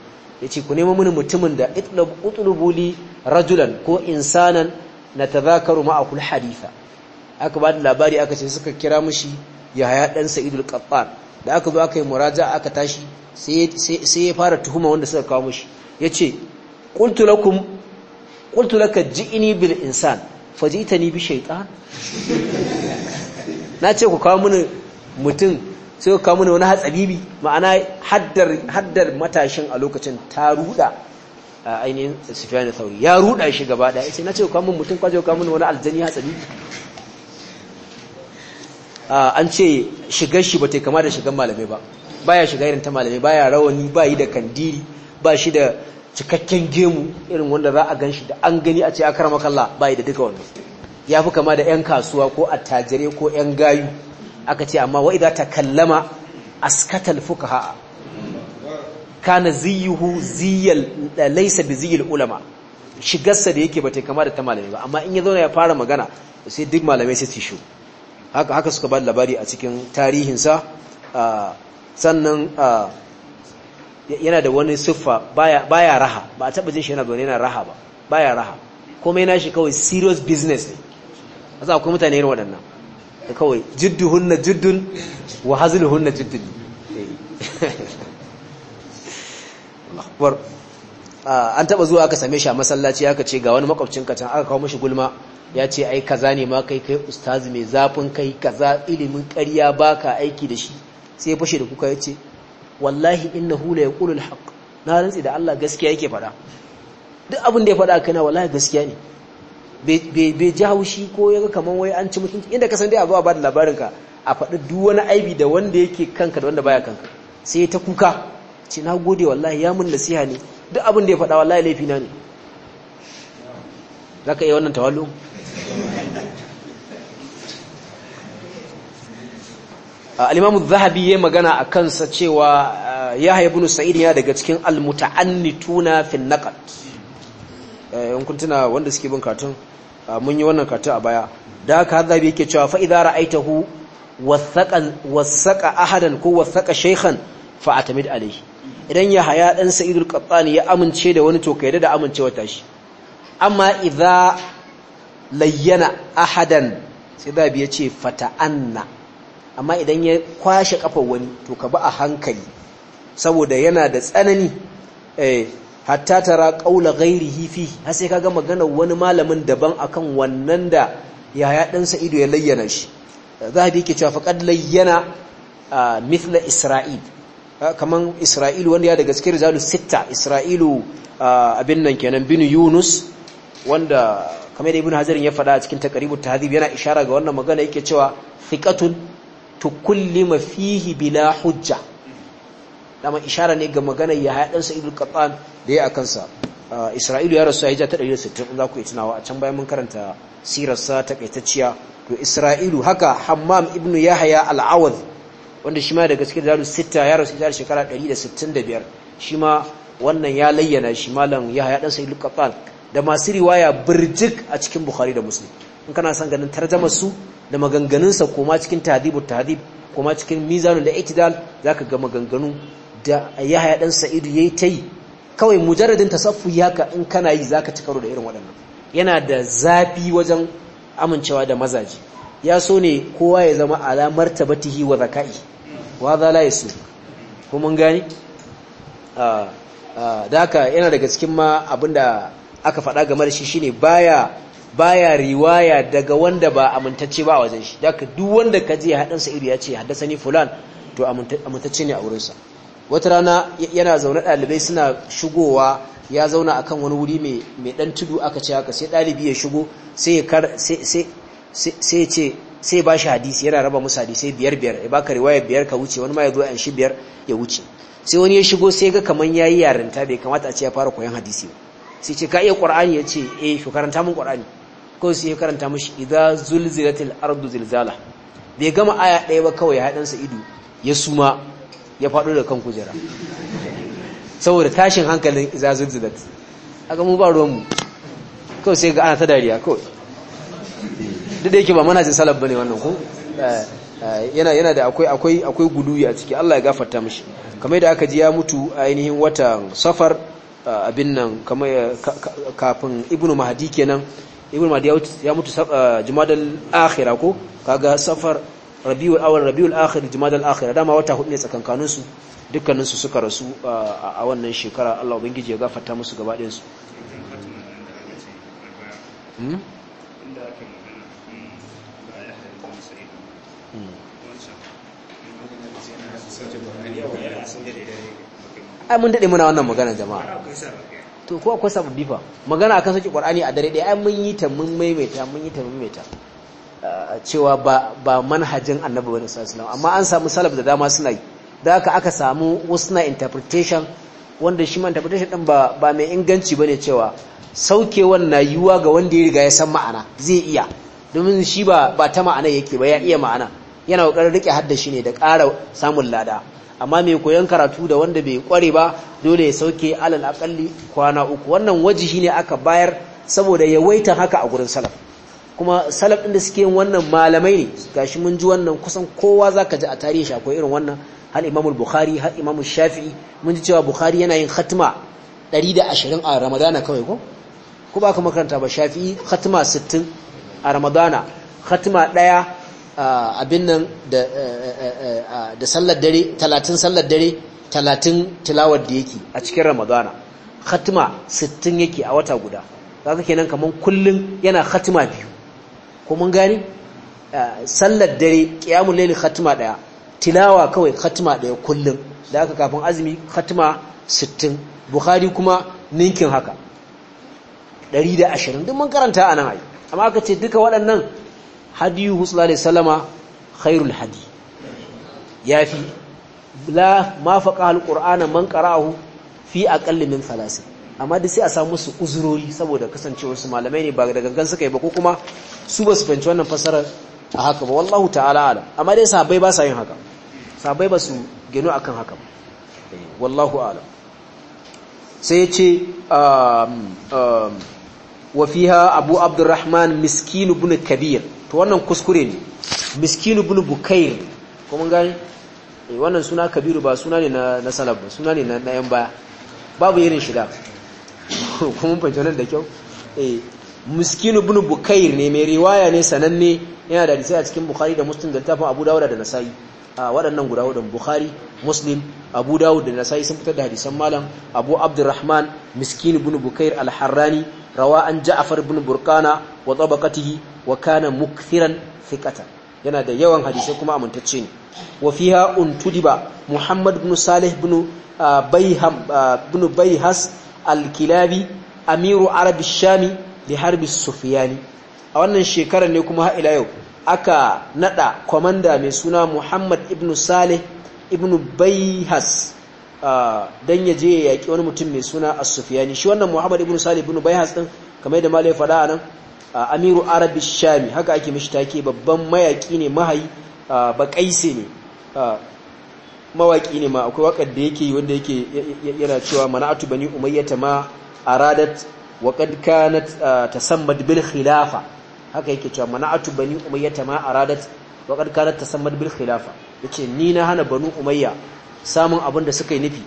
yace ku nemo mini mutumin da itlab utlubu rajulan ko insanan natadhakaru ma'ahu alhaditha aka ba da labari aka ce suka kira mushi yahaya dan sa'idul qattan da aka zo aka yi muraja aka tashi sai ya fara tuhuma wanda suka kawo mushi yace qultu lakum qultu laka ji'ini bil insan fajitani bi shaytan ce ku kawo mini mutum sai ku kawo mini wani hatsabibi ma'ana haddar haddar matashin a lokacin ta ruda ainihin Sufyan da sauri ya ruda shi gaba daya sai ce ku kawo mini mutum kwaje ku kawo mini wani aljani hatsabibi an ce shigar shi ba ta kama da shigar malamai ba baya shiga irin ta malamai baya rawani ba yi da kandiri ba shi da cikakken gemu irin wanda za a gan shi da an gani a ce akar makalla ba yi da duka wannan ya fi kama da 'yan kasuwa ko attajire ko 'yan gayu aka ce amma wa'iza ta kallama askatal ha'a. kana ziyuhu ziyal laisa bi ziyil ulama shigarsa da yake ba ta kama da ta malamai ba amma in ya zauna ya fara magana sai duk malamai sai su shi haka haka suka ba labari a cikin tarihinsa sannan yana da wani siffa baya raha ba a taɓa jin shi yana zaune yana raha ba baya raha kuma yana shi kawai serious business ne a za kuma mutane yin waɗannan da kawai jiddu hunna jiddun wa hazlu hunna jiddun an taɓa zuwa aka same shi a masallaci aka ce ga wani makwabcin katan aka kawo mashi gulma ya ce ai kaza ne ma kai kai ustazi mai zafin kai kaza ilimin ƙarya baka aiki da shi sai ya fashe da kuka ya ce wallahi innahu la yaqulu alhaq na rantsi da Allah gaskiya yake faɗa duk abin da ya fada kana wallahi gaskiya ne be ji haushi ko ya ga kaman wai an ci mutunci inda ka san dai a ba da labarinka labarin ka a faɗi duk wani aibi da wanda yake kanka da wanda baya kanka sai ta kuka ce na gode wallahi ya mun nasiha ne duk abin da ya fada wallahi laifi na ne zaka iya wannan tawallu al-imamu zahabi ya magana a kansa cewa uh, ya haibu sa'id ya daga cikin al-muta'annituna eh, tuna naqd wanda suke bin katun uh, mun yi wannan katun a baya da haka zahabi ke cewa fa idza ra'aitahu wasaqa wasaƙa ahadan ko wasaƙa shaikhan fa atamid idan ya haya dan sa'idul ƙatsani ya amince da wani to ka yadda da amincewa tashi amma idan. layyana ahadan sai babu ya ce fata'anna amma idan ya kwashe kafar wani to ka ba a hankali saboda yana da tsanani eh, hatta tara kaula gairi hifi har sai ka kaga maganar wani malamin daban akan wannan da yaya ɗansa ido ya layyana shi a yake cewa faƙar layyana mithla isra'il kamar isra'ilu wanda ya daga cikin zalu sita isra'ilu abin nan kenan binu yunus wanda kamar da ibnu hazarin ya faɗa a cikin taqribut tahdhib yana ishara ga wannan magana yake cewa thiqatun tukullima fihi bila hujja dama ishara ne ga magana ya haɗan sa qatan da ya akan sa isra'ilu ya rasu hijja ta 160 za ku yi tunawa a can bayan mun karanta sirar sa takaitacciya to isra'ilu haka hammam ibnu yahya al-awad wanda shi ma daga cikin darus sita ya rasu hijja shekara 165 shi ma wannan ya layyana shi malam yahya dan sayyid qatan da masu riwaya birjik a cikin bukhari da musulun in kana son ganin tarjamar su da maganganunsa koma cikin tahdibu tahdib koma cikin Mizanu mizanul i'tidal ka ga maganganu da haya dan sa'idu ya yi ta yi kawai mujarradin tasaffu haka in kana yi za ka ci karo da irin waɗannan yana da zafi wajen amincewa da mazaji ya so ne kowa ya zama alamar martabatihi wa zaka'i wa za la yasu ko mun gani ah, ah, da haka yana daga cikin ma abinda aka faɗa game da shi shine baya baya riwaya daga wanda ba amintacce ba a wajen shi daga duk wanda ka je hadan sa iri ya ce haddasa ni fulan to amintacce ne a wurin sa wata rana yana zaune ɗalibai suna shigowa ya zauna akan wani wuri mai mai dan tudu aka ce haka sai ɗalibi ya shigo sai ya sai sai ya ce sai ba shi hadisi yana raba musu sai biyar biyar ya baka riwaya biyar ka wuce wani ma ya zo an shi biyar ya wuce sai wani ya shigo sai ga kaman yayi yarinta bai kamata a ce ya fara koyan hadisi ba sai ce ka iya ya ce eh shi karanta mun ƙwar'ani ko sai ya karanta mashi idan zulzilatil ardu zilzala bai gama aya ɗaya ba kawai ya ido ya suma ya faɗo da kan kujera saboda tashin hankalin idan zulzilat aka mu ba ruwanmu mu kawai sai ga ana ta dariya kawai duk da yake ba mana sai salaf bane wannan ko eh, eh, yana yana da akwai akwai akwai guduwi a ciki Allah ya gafarta mashi kamar yadda aka ji ya mutu ainihin watan safar Ah, abin nan kamar kafin ibnu mahdi kenan Ibn mahdi ya mutu ah, jumadal akhira ko kaga safar rabiul awal rabiul akhir jumadal akhira dama wata hudu ne tsakankanin su dukkanin su suka rasu ah, a wannan shekara Allah ubangiji ya gafarta musu gaba ɗayan su hmm? hmm. ai mun dade muna wannan magana jama'a to ko akwai sababbi fa magana akan saki qur'ani a dare dai ai mun yi ta mun maimaita mun yi ta mun maimaita ah, cewa ba ba manhajin annabi bane sallallahu alaihi amma an samu salaf da dama suna yi da haka aka samu wasu interpretation wanda shi ma interpretation din ba ba mai inganci bane cewa saukewan na yiwuwa ga wanda ya riga ya san ma'ana zai iya domin shi ba ba ta ma'ana yake ba ya iya ma'ana yana kokarin rike haddashi ne da ƙara samun lada amma mai koyon karatu da wanda bai kware ba dole ya sauke alal akalli kwana uku wannan waji ne aka bayar saboda ya waita haka a gurin salaf kuma salaf din da suke yin wannan malamai ne gashi mun ji wannan kusan kowa zaka ji a tarihi shi irin wannan hal Imam Bukhari hal Imam Shafi'i mun ji cewa Bukhari yana yin khatma 120 a Ramadana kawai ko ko ba ka makaranta ba Shafi'i khatma 60 a Ramadana khatma 1 abin nan da sallar dare talatin sallar dare talatin tilawar da yake a cikin ramadana khatima sittin yake a wata guda za ka kenan kaman kullum yana khatima biyu ko gani sallar dare kiyamun layli khatima daya tilawa kawai khatima daya kullum da aka kafin azumi khatima sittin buhari kuma ninkin haka 120 duk mun karanta anan ai amma aka ce duka waɗannan hadiyu sallallahu alaihi wasallama khairul hadi yafi la ma faqa alqur'ana man qara'ahu fi ƙalli min thalas amma da sai a samu su uzurori saboda kasancewar su malamai ne ba da gangan suka yi ba ko kuma su ba su fanci wannan fasarar a haka ba wallahu ta'ala ala amma dai sahabbai ba sa yin haka sahabbai ba su gino akan haka ba wallahu ala sai ya ce um, um, wa fiha abu abdurrahman miskin ibn kabir to wannan kuskure ne miskinu bin bukair ko mun gani eh wannan suna kabiru ba suna ne na na salaf ba suna ne na na yan baya babu irin shi ko mun fahimta da kyau eh miskinu bin bukair ne mai riwaya ne sananne yana da hadisi a cikin bukhari da muslim da tafin abu dawud da nasai a waɗannan guda hudun bukhari muslim abu dawud da nasai sun fitar da hadisan malam abu abdurrahman miskin bin bukair al-harrani rawa an ja'afar bin burkana wa tabaqatihi wa kana mukthiran yana da yawan hadisai kuma amintacce ne wa fiha untudiba muhammad ibn salih ibn bayham ibn bayhas al-kilabi amiru arab shami li harbi sufyani a wannan shekarar ne kuma ila yau aka nada komanda mai suna muhammad ibn salih ibn bayhas dan ya je ya yaki wani mutum mai suna as-sufyani shi wannan muhammad ibn salih ibn bayhas din kamar da malai fada anan amiru arabi shami haka ake mishi take babban mayaki ne mahayi baƙaise ne mawaki ne ma akwai wakar da yake wanda yake yana cewa mana'atu bani umayyata ma aradat wa qad kanat tasammad bil khilafa haka yake cewa mana'atu bani umayyata ma aradat wa qad kanat tasammad bil khilafa yace ni na hana banu umayya samun abin da suka yi nufi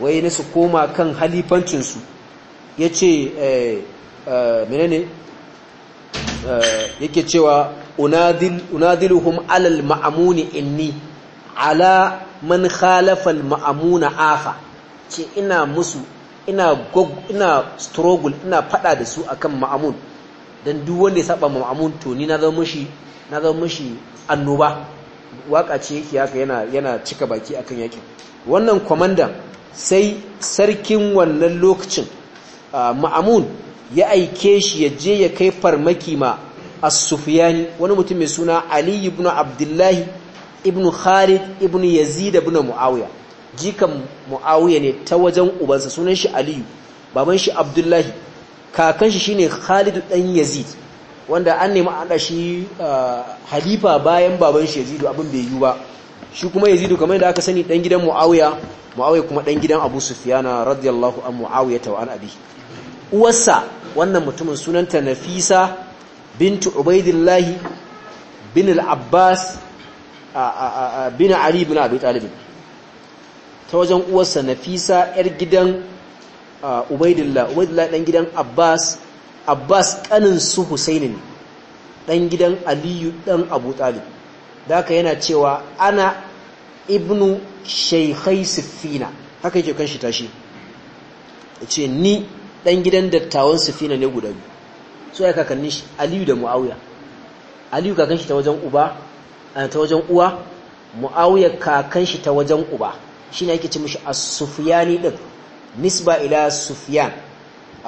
wai na su koma kan halifancinsu ya ce eh, eh, menene eh, yake cewa unadiluhum alal ma'amuni inni ala man khalafal ma'amuna afa ce ina musu ina ina struggle ina fada da su akan ma'amun don duk wanda ya saba ma'amun to ni na zama shi annoba waka ce yake haka yana yana cika baki akan yakin wannan kwamandan sai sarkin wannan lokacin ma'amun ya aike shi ya je ya kai farmaki ma as-sufyani wani mutum mai suna ali ibn abdullahi ibn khalid ibn yazid ibn muawiya jikan muawiya ne ta wajen ubansa sunan shi aliyu baban shi abdullahi kakanshi shi shine khalid dan yazid wanda an nemi an shi uh, halifa bayan baban shi yazidu abin bai yi ba shi kuma yazidu kamar yadda aka sani dan gidan muawiya muawiya kuma dan gidan abu Sufiyana radiyallahu an muawiya ta an abi uwarsa wannan mutumin sunanta nafisa bintu ubaidillah bin al'abbas abbas bin ali bin abi talibin ta wajen uwarsa nafisa yar gidan uh, ubaidillah ubaidillah dan gidan abbas abbas kanin su husaini ne dan gidan aliyu ɗan abu talib daka yana cewa ana ibnu shaikhai sifina haka yake kan shi tashi ce ni dan gidan dattawan sifina ne guda biyu so ya kakannin shi aliyu da mu'awuya aliyu kakan shi ta wajen uba eh, ta wajen uwa mu'awuya kakan shi ta wajen uba shi shine yake ce mishi a Sufiyani din nisba ila sufiyani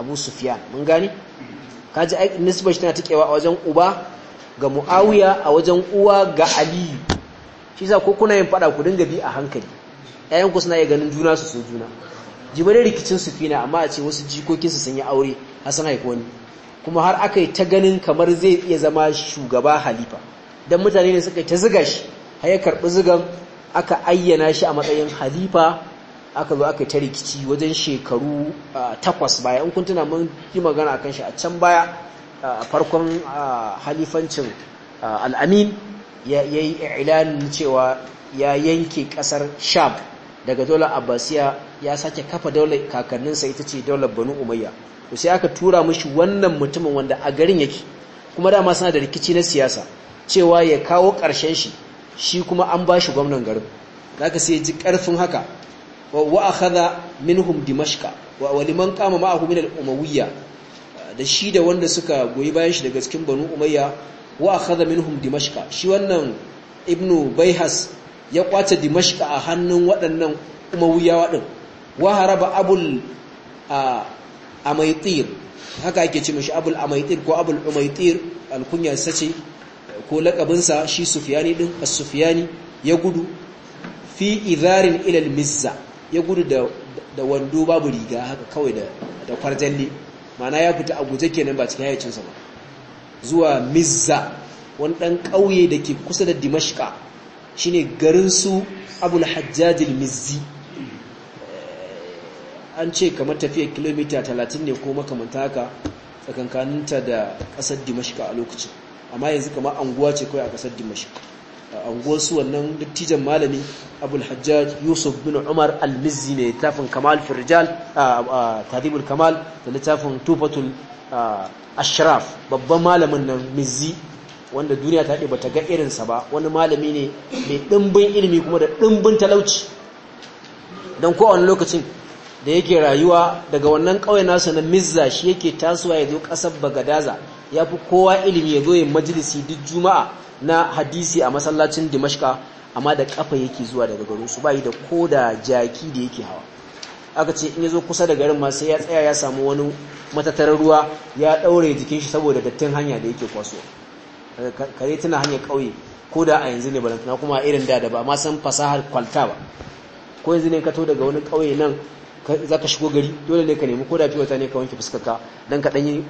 abu Sufiyan mun gani kaji nisbar shi tana tikewa a wajen uba ga muawiya a wajen uwa ga Aliyu. shi za ko kuna yin fada ku dinga bi a hankali ƴaƴan ku suna iya ganin juna su so juna jibarin rikicin sufina amma a ce wasu jikokinsu sun yi aure a san wani kuma har aka yi ta ganin kamar zai iya zama shugaba halifa don mutane ne suka yi ta ziga shi har ya karɓi zigan aka ayyana shi a matsayin halifa aka zo aka ta rikici wajen shekaru takwas baya in kun tuna mun yi magana kan shi a can baya a farkon halifancin al'amin ya yi ilanin cewa ya yanke kasar sham daga daular abbasiya ya sake kafa daular kakanninsa ita ce daular banu umayya to sai aka tura mashi wannan mutumin wanda a garin yake kuma dama suna da rikici na siyasa cewa ya kawo ƙarshen shi shi kuma an ba shi gwamnan garin zaka sai ji ƙarfin haka wa minhum dimashka wa liman qama ma'ahu min umawiyya da shi da wanda suka goyi bayan shi daga cikin banu umayya wa minhum dimashka shi wannan ibnu baihas ya kwace dimashka a hannun waɗannan umawiyawa din wa haraba abul amaitir haka ake ce mashi abul amaitir ko abul umaitir alkunya sace ko lakabinsa shi sufiyani ɗin as-sufiyani ya gudu fi idharin ilal mizza ya gudu da wando babu riga haka kawai da kwarjalle mana ya fita a guje kenan ba cikin hayacinsa ba zuwa mizza wani ɗan ƙauye da ke kusa da dimashka shine garin su abul hajjajil mizzi eh, an ce kamar tafiya kilomita talatin ne ko makamanta haka tsakankaninta da ƙasar dimashka a lokacin amma yanzu kamar anguwa ce kawai a ƙasar dimashka anguwarsu wannan dattijan malami abul hajjaj yusuf bin umar al-mizzi mai littafin kamal firjal tadibul kamal da littafin tufatul ashraf babban malamin nan mizzi wanda duniya ta ba ta ga irinsa ba wani malami ne mai ɗimbin ilimi kuma da ɗimbin talauci don kowane lokacin da yake rayuwa daga wannan ƙauye nasu na mizza shi yake tasowa ya zo ƙasar bagadaza ya fi kowa ilimi ya zo yin majalisi duk juma'a na hadisi a masallacin dimashka amma da kafa yake zuwa daga garin su bai da koda jaki da yake hawa aka ce in ya zo kusa da garin ma sai ya tsaya ya samu wani matatarar ruwa ya daure jikin shi saboda dattin hanya da yake kwaso kare tana hanyar kauye ko da a yanzu ne balantana kuma irin da da ba ma san fasahar kwalta ba ko yanzu ne ka to daga wani kauye nan za ka shigo gari dole ne ka nemi ko da wata ne ka wanke fuskarka dan ka yi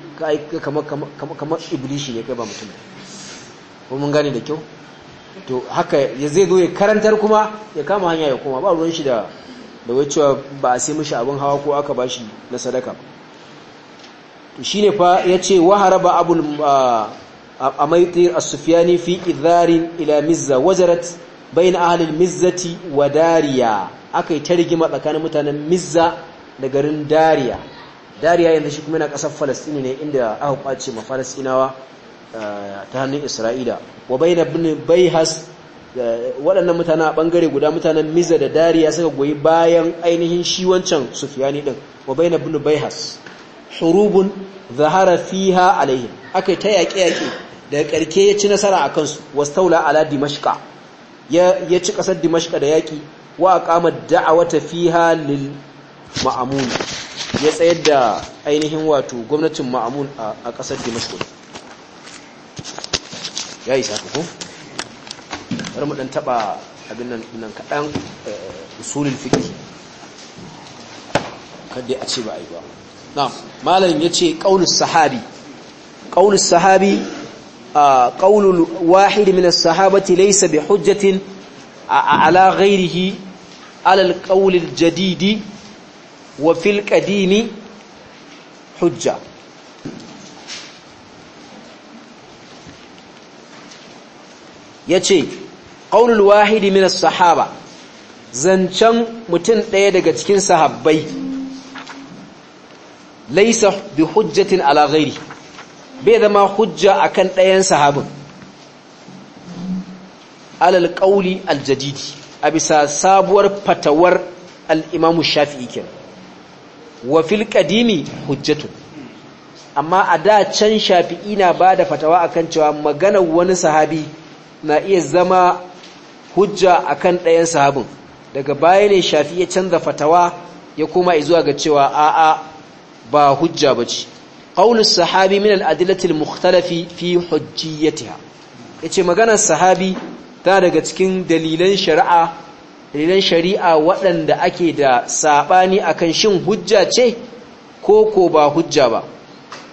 kamar iblishi ne kai ba mutum ko mun gane da kyau to haka ya zai zo ya karantar kuma ya kama hanya ya koma ba ruwan shi da da wacewa ba a sai mishi abin hawa ko aka bashi na sadaka to shine fa yace wa haraba abul amaiti as-sufyani fi idharin ila mizza wajarat bain ahli al-mizzati wa dariya akai rigima tsakanin mutanen mizza da garin dariya dariya yanzu shi kuma yana kasar falastini ne inda aka kwace ma falastinawa ta hannun isra'ila wa bai na bai has waɗannan mutane a ɓangare guda mutanen miza da dariya suka goyi bayan ainihin shi wancan sufiyani ɗin wa bai na bai has shurubun zahara fiha alaihi aka ta yaƙe-yaƙe daga ƙarke ya ci nasara a kansu wasu taula ala dimashka ya ci ƙasar dimashka da yaƙi wa a ƙama da'awata fiha lil ma'amun ya tsayar da ainihin wato gwamnatin ma'amun a ƙasar dimashka ya isa ka ko bari mu dan taba abin nan nan kadan eh, usulul fiqh a ce ba ai ba na'am malam yace qaulus sahabi qaulus sahabi qaulul wahid min as-sahabati laysa bi hujjatin ala ghayrihi ala al-qawl al wa fil qadimi hujja yace qaulul wahidi min as-sahaba zancen mutum ɗaya daga cikin sahabbai laisa bi hujjatin ala ghairi bai zama hujja akan ɗayan sahabin alal qauli al a bisa sabuwar fatawar al-imam shafi'i kenan wa fil hujjatun amma a da can shafi'i na bada fatawa akan cewa maganar wani sahabi na iya zama hujja akan ɗayan sahabin daga baya ne shafi ya canza fatawa ya koma zuwa ga cewa a'a ba hujja ba ce, ƙaunin sahabi min al fi hujji mukhtalafi fi hujjiyatiha ce maganar sahabi ta daga cikin dalilan shari'a dalilan shari'a waɗanda ake da saɓani akan shin hujja ce ko ko ba hujja ba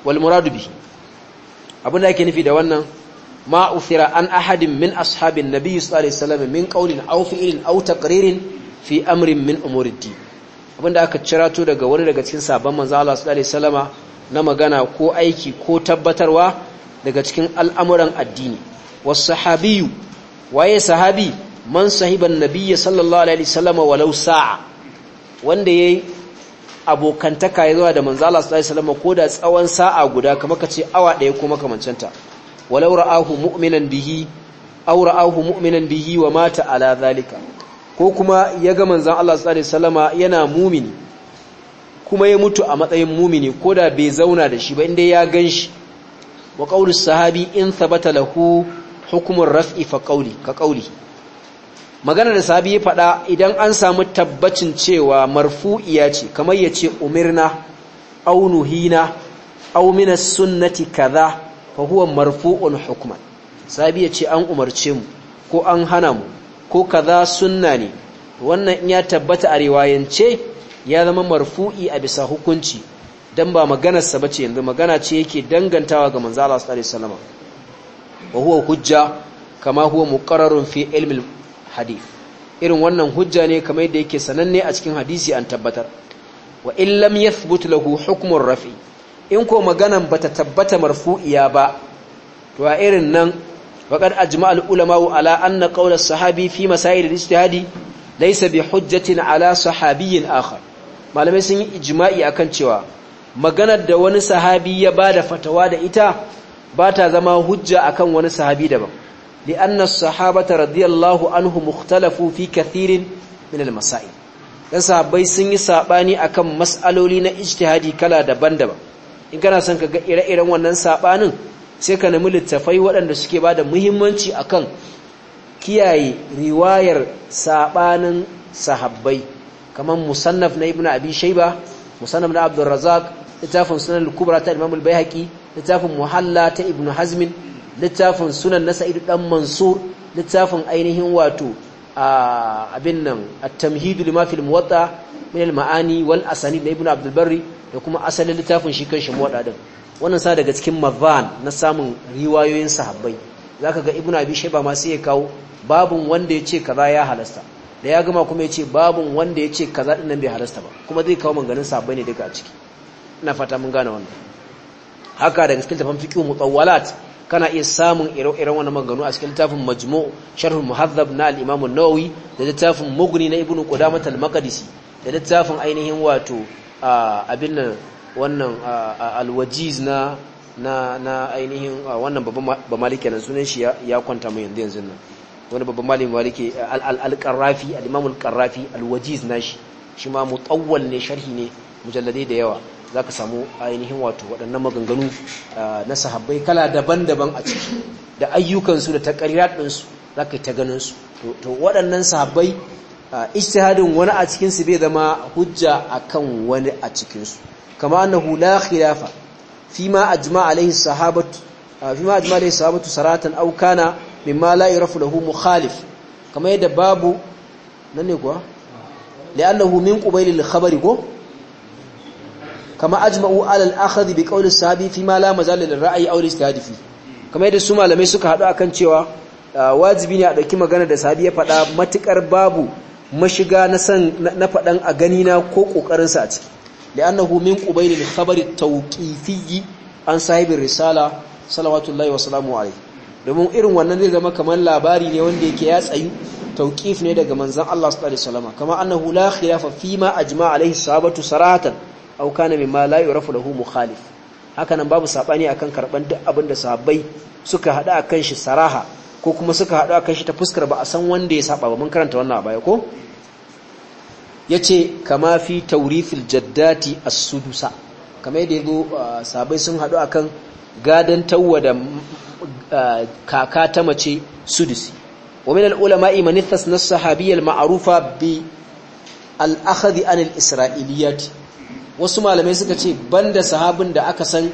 walmuradu muradu bi abin da ake nufi da wannan أحد من an ahadin min الله عليه sallallahu alaihi قول min فئل أو تقرير في أمر fi أمور min abin da aka to daga wani daga cikin sabon manzo Allah sallallahu alaihi wasallama na magana ko aiki ko tabbatarwa daga cikin al'amuran addini was sahabiyu waye sahabi man sahiban nabiyyi sallallahu alaihi wasallama walau sa'a wanda yayi abokantaka ya zuwa da manzo Allah sallallahu alaihi wasallama ko da tsawon sa'a guda kamar kace awa daya ko makamancin ta walau ra'ahu mu'minan bihi aw ra'ahu mu'minan bihi wa mata ala zalika ko kuma ya ga manzon Allah sallallahu alaihi wasallama yana mumini kuma ya mutu a matsayin mumini ko da bai zauna da shi ba inda ya ganshi wa qawlu sahabi in thabata lahu hukumar raf'i fa ka qawli magana da sahabi ya faɗa idan an samu tabbacin cewa marfu'iya ce kamar yace umirna aw nuhina aw sunnati kaza fa huwa marfu'un hukman sabi ya ce an umarce mu ko an hana mu ko kaza sunna ne wannan in ya tabbata a riwayance ya zama marfu'i a bisa hukunci dan ba maganarsa bace yanzu magana ce yake dangantawa ga manzo Allah sallallahu alaihi wasallam wa huwa hujja kama huwa muqarrarun fi ilmi irin wannan hujja ne kamar yadda yake sananne a cikin hadisi an tabbatar wa in yathbut lahu hukmun rafi' in ko maganan bata tabbata marfu'iya ba to a irin nan faqad ajma al ulama ala anna qawl as sahabi fi masail al ijtihadi laysa bi hujjatin ala sahabiyyin akhar malamai sun yi ijma'i akan cewa maganar da wani sahabi ya bada fatawa da ita ba ta zama hujja akan wani sahabi daban li anna as-sahabata radiyallahu anhu mukhtalafu fi kathirin min al masail dan sahabbai sun yi sabani akan mas'aloli na ijtihadi kala daban-daban in kana son ka ga ire-iren wannan sabanin sai ka nemi littafai waɗanda suke ba da muhimmanci akan kiyaye riwayar sabanin sahabbai kamar musannaf na ibnu abi shayba musannaf na abdul razzaq littafin sunan al-kubra ta imam al-baihaqi littafin muhalla ta ibnu hazmin littafin sunan na sa'id dan mansur littafin ainihin wato a abin nan at-tamhid lima fil muwatta min al-ma'ani wal asanid na ibnu abdul barri da kuma asalin littafin shi kan shi muwaɗa ɗin wannan sa daga cikin mavan na samun riwayoyin sahabbai za ka ga ibn abi shaiba ma sai ya kawo babun wanda ya ce kaza ya halasta da ya gama kuma ya ce babun wanda ya ce kaza ɗin nan bai halasta ba kuma zai kawo manganin sahabbai ne daga a ciki ina fata mun gane wannan haka daga cikin tafan fiqh mutawwalat kana iya samun ire-iren wannan maganganu a cikin littafin majmu' sharh muhazzab na al-imam an-nawawi da littafin mughni na ibn qudamah al-maqdisi da littafin ainihin wato abin nan wannan alwajiz na na ainihin wannan babban bamalike nan sunan shi ya kwanta mai yanzu yanzu nan wani babban Maliki malike al-qarrafi al qarrafi al shi ma mutawal ne sharhi ne mujalladai da yawa za ka samu ainihin wato waɗannan maganganu na sahabbai kala daban-daban a ciki da ayyukansu da ta taqrirat za ka yi ta ganin su to waɗannan sahabbai ijtihadin wani a cikinsu bai zama hujja akan wani a cikinsu kama annahu la khilafa fima ajma alaihi sahabatu fima ajma alaihi sahabatu saratan aw kana mimma la yarafu lahu mukhalif kama yadda babu nan ne kuwa li'annahu min qubailil khabari ko kama ajma'u ala al-akhdh bi qawli sahabi fima la mazal lil ra'yi aw al-ijtihad fi kama yadda su malamai suka hadu akan cewa wajibi ne a dauki magana da sahabi ya faɗa matukar babu mashiga na san na faɗan a ganina ko ƙoƙarinsa a ciki li'annahu min qubailil khabari tauƙifiyi an sahibin risala salawatullahi wa salamu domin irin wannan zai zama kamar labari ne wanda yake ya tsayu tauƙif ne daga manzan. Allah sallallahu alaihi wasallam kama ma a khilafa fima ajma alaihi sahabatu saratan aw kana mimma la yurafu lahu mukhalif hakanan babu saɓani akan karɓar duk abin da sahabbai suka hada akan shi saraha ko kuma suka haɗu a kai shi ta fuskar ba a san wanda ya saba ba mun karanta wannan a baya ko yace kama fi tawrithil jaddati a sudusa kamar yadda yazo uh, sabai sun haɗu akan tawwa da uh, kaka ta mace sudusi wa min al-ulama'i man ma'arufa bi al-akhdh israiliyat wasu malamai suka ce banda sahabin da aka san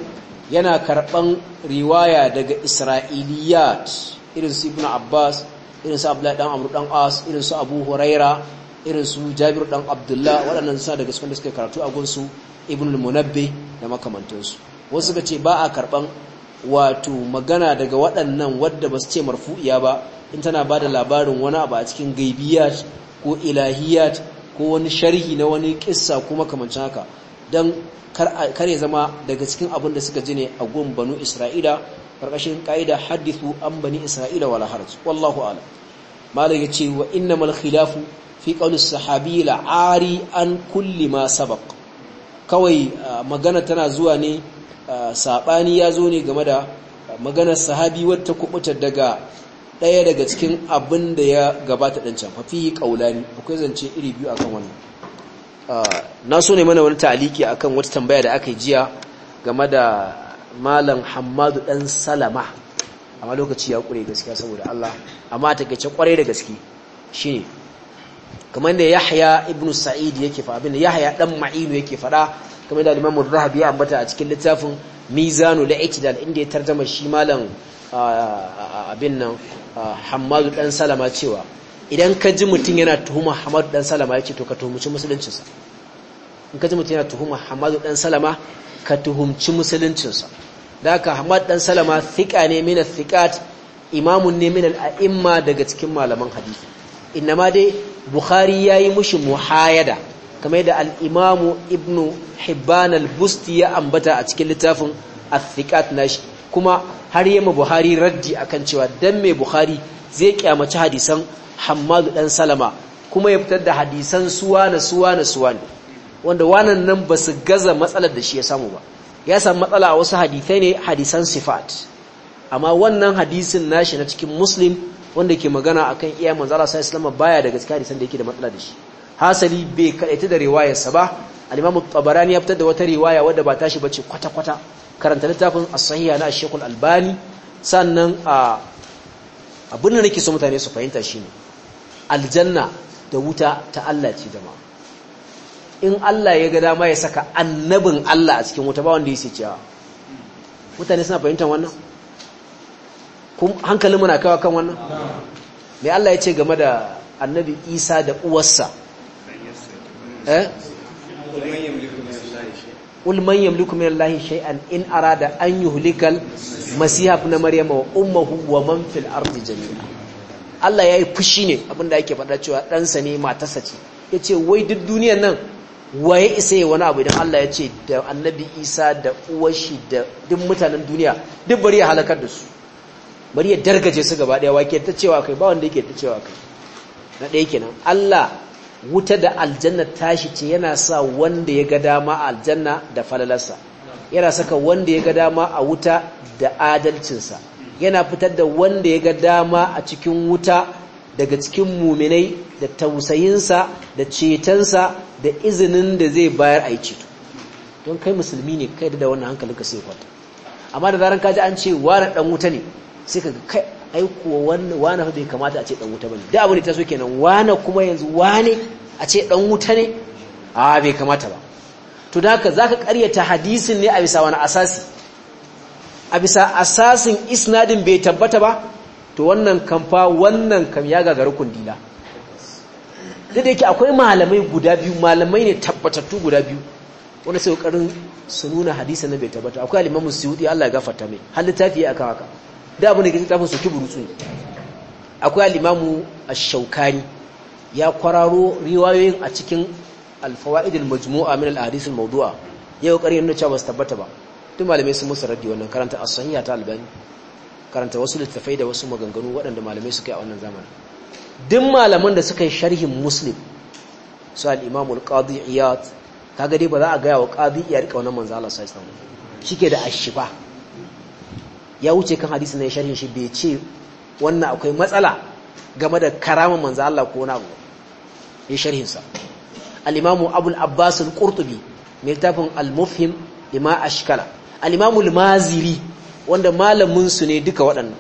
yana karɓan riwaya daga isra'iliyat irin su ibn abbas irin su abdullahi dan amru dan as irin su abu huraira irin su jabir dan abdullah waɗannan suna daga cikin da suke karatu a gunsu ibn al-munabbi da makamantansu wasu ga ce ba a karɓan wato magana daga waɗannan wadda ba su ce marfu'iya ba in tana ba da labarin wani abu a cikin gaibiyat ko ilahiyat ko wani sharhi na wani kissa ko makamancin haka don kar ya zama daga cikin abin da suka ji ne a gun banu isra'ila karkashin kaida hadithu an bani isra'ila wala haraj wallahu ala malai ce wa mal khilafu fi qawli sahabi la'ari an kulli ma sabaq kawai magana tana zuwa ne sabani ya zo ne game da maganar sahabi wata kubuta daga ɗaya daga cikin abin da ya gabata dan can fa fi akwai zance iri biyu akan wani na so ne mana wani ta'aliki akan wata tambaya da aka yi jiya game da malam hamadu dan salama amma lokaci ya kure gaskiya saboda Allah amma gace kwarai da gaske ne kamar da Yahya ibn Sa'id yake fa abin Yahya dan Ma'inu yake fada kamar da limamu rahab ya ambata a cikin littafin Mizanul I'tidal inda ya tarjama shi malam abin nan Hamadu dan Salama cewa idan ka ji mutum yana tuhuma Hamadu dan Salama yake to ka tuhumci musuluncinsa in ka ji mutum yana tuhuma Hamadu dan Salama ka tuhumci musuluncinsa da hamad Ahmad dan Salama thika ne min thiqat imamun ne min al-a'imma daga cikin malaman hadisi ma dai Bukhari yayi mushi muhayada kamar da al-Imam Ibn Hibban al-Busti ya ambata a cikin littafin al nashi kuma har yamma Buhari raddi akan cewa dan me Buhari zai kiyamaci hadisan hamad dan Salama kuma ya fitar da hadisan suwa na suwa na suwa ne wanda wannan nan ba su gaza matsalar da shi ya samu ba ya samu matsala a wasu hadithai ne hadisan sifat amma wannan hadisin nashi na cikin muslim wanda ke magana akan iya manzara sai islama baya daga cikin hadisan da yake da matsala da shi hasali bai kadaita da riwayarsa ba al-imam tabarani ya fitar da wata riwaya wadda ba ta shi bace kwata kwata karanta littafin as-sahiha na Sheikh albani sannan a abin da nake so mutane su fahimta shi ne aljanna da wuta ta Allah ce jama'a in Allah ya ga dama ya saka annabin Allah a cikin wuta ba wanda ya cewa mutane suna fahimtar wannan hankalin muna kawa kan wannan mai Allah ya ce game da annabi Isa da uwarsa eh ulman yamliku min Allah shay'an in arada an yuhlikal masiha ibn maryam wa ummuhu wa man fil ardi jami'a Allah yayi fushi ne abinda yake faɗa cewa ɗansa ne matarsa ce yace wai duk duniyar nan waye isa ya wani abu idan Allah ya ce da annabi isa da uwashi da duk mutanen duniya duk bari ya halakar da su bari ya dargaje su gaba daya wake ta cewa kai ba wanda yake ta cewa kai na ɗaya kenan Allah wuta da aljanna tashi ce yana sa wanda ya ga dama a aljanna da falalarsa yana saka wanda ya ga dama a wuta da adalcinsa yana fitar da wanda ya ga dama a cikin wuta daga cikin muminai da tausayinsa da cetonsa da izinin da zai bayar a yi ceto don kai musulmi ne kai da wannan hankalinka sai kwanta amma da zaran kaji an ce wane dan wuta ne sai ka kai ai kuwa wani bai kamata a ce dan wuta bane da abu ne ta so kenan wane kuma yanzu wane a ce dan wuta ne a bai kamata ba to da haka zaka karyata hadisin ne a bisa wani asasi a bisa asasin isnadin bai tabbata ba to wannan kamfa wannan kam ya gagaru kundila duk da yake akwai malamai guda biyu malamai ne tabbatattu guda biyu wanda sai kokarin su nuna hadisi na bai tabbata akwai al-Imam Suyuti Allah ya gafarta mai har littafi ya aka haka da abu da ke littafin su kiburutsu su akwai al-Imam Ash-Shawkani ya kwararo riwayoyin a cikin al-Fawaid al-Majmu'a min al-Ahadith al-Mawdu'a ya kokarin nuna cewa ba su tabbata ba duk malamai sun musu raddi wannan karanta as-Sahiha ta al-Albani karanta wasu littattafai da wasu maganganu waɗanda malamai suka yi a wannan zamanin duk malaman da suka yi sharhin muslim su al'imamul ƙadu iyat ta gade ba za a gaya wa ƙadu iyar ƙaunar manzo Allah sai samu shi ke da ashiba ya wuce kan hadisi na sharhin shi bai ce wannan akwai matsala game da karamin manzo ko na abu ya sharhin sa al'imamu abul abbas ƙurtubi mai tafin al-mufhim lima ashkala Al'imamul maziri wanda malamin su ne duka waɗannan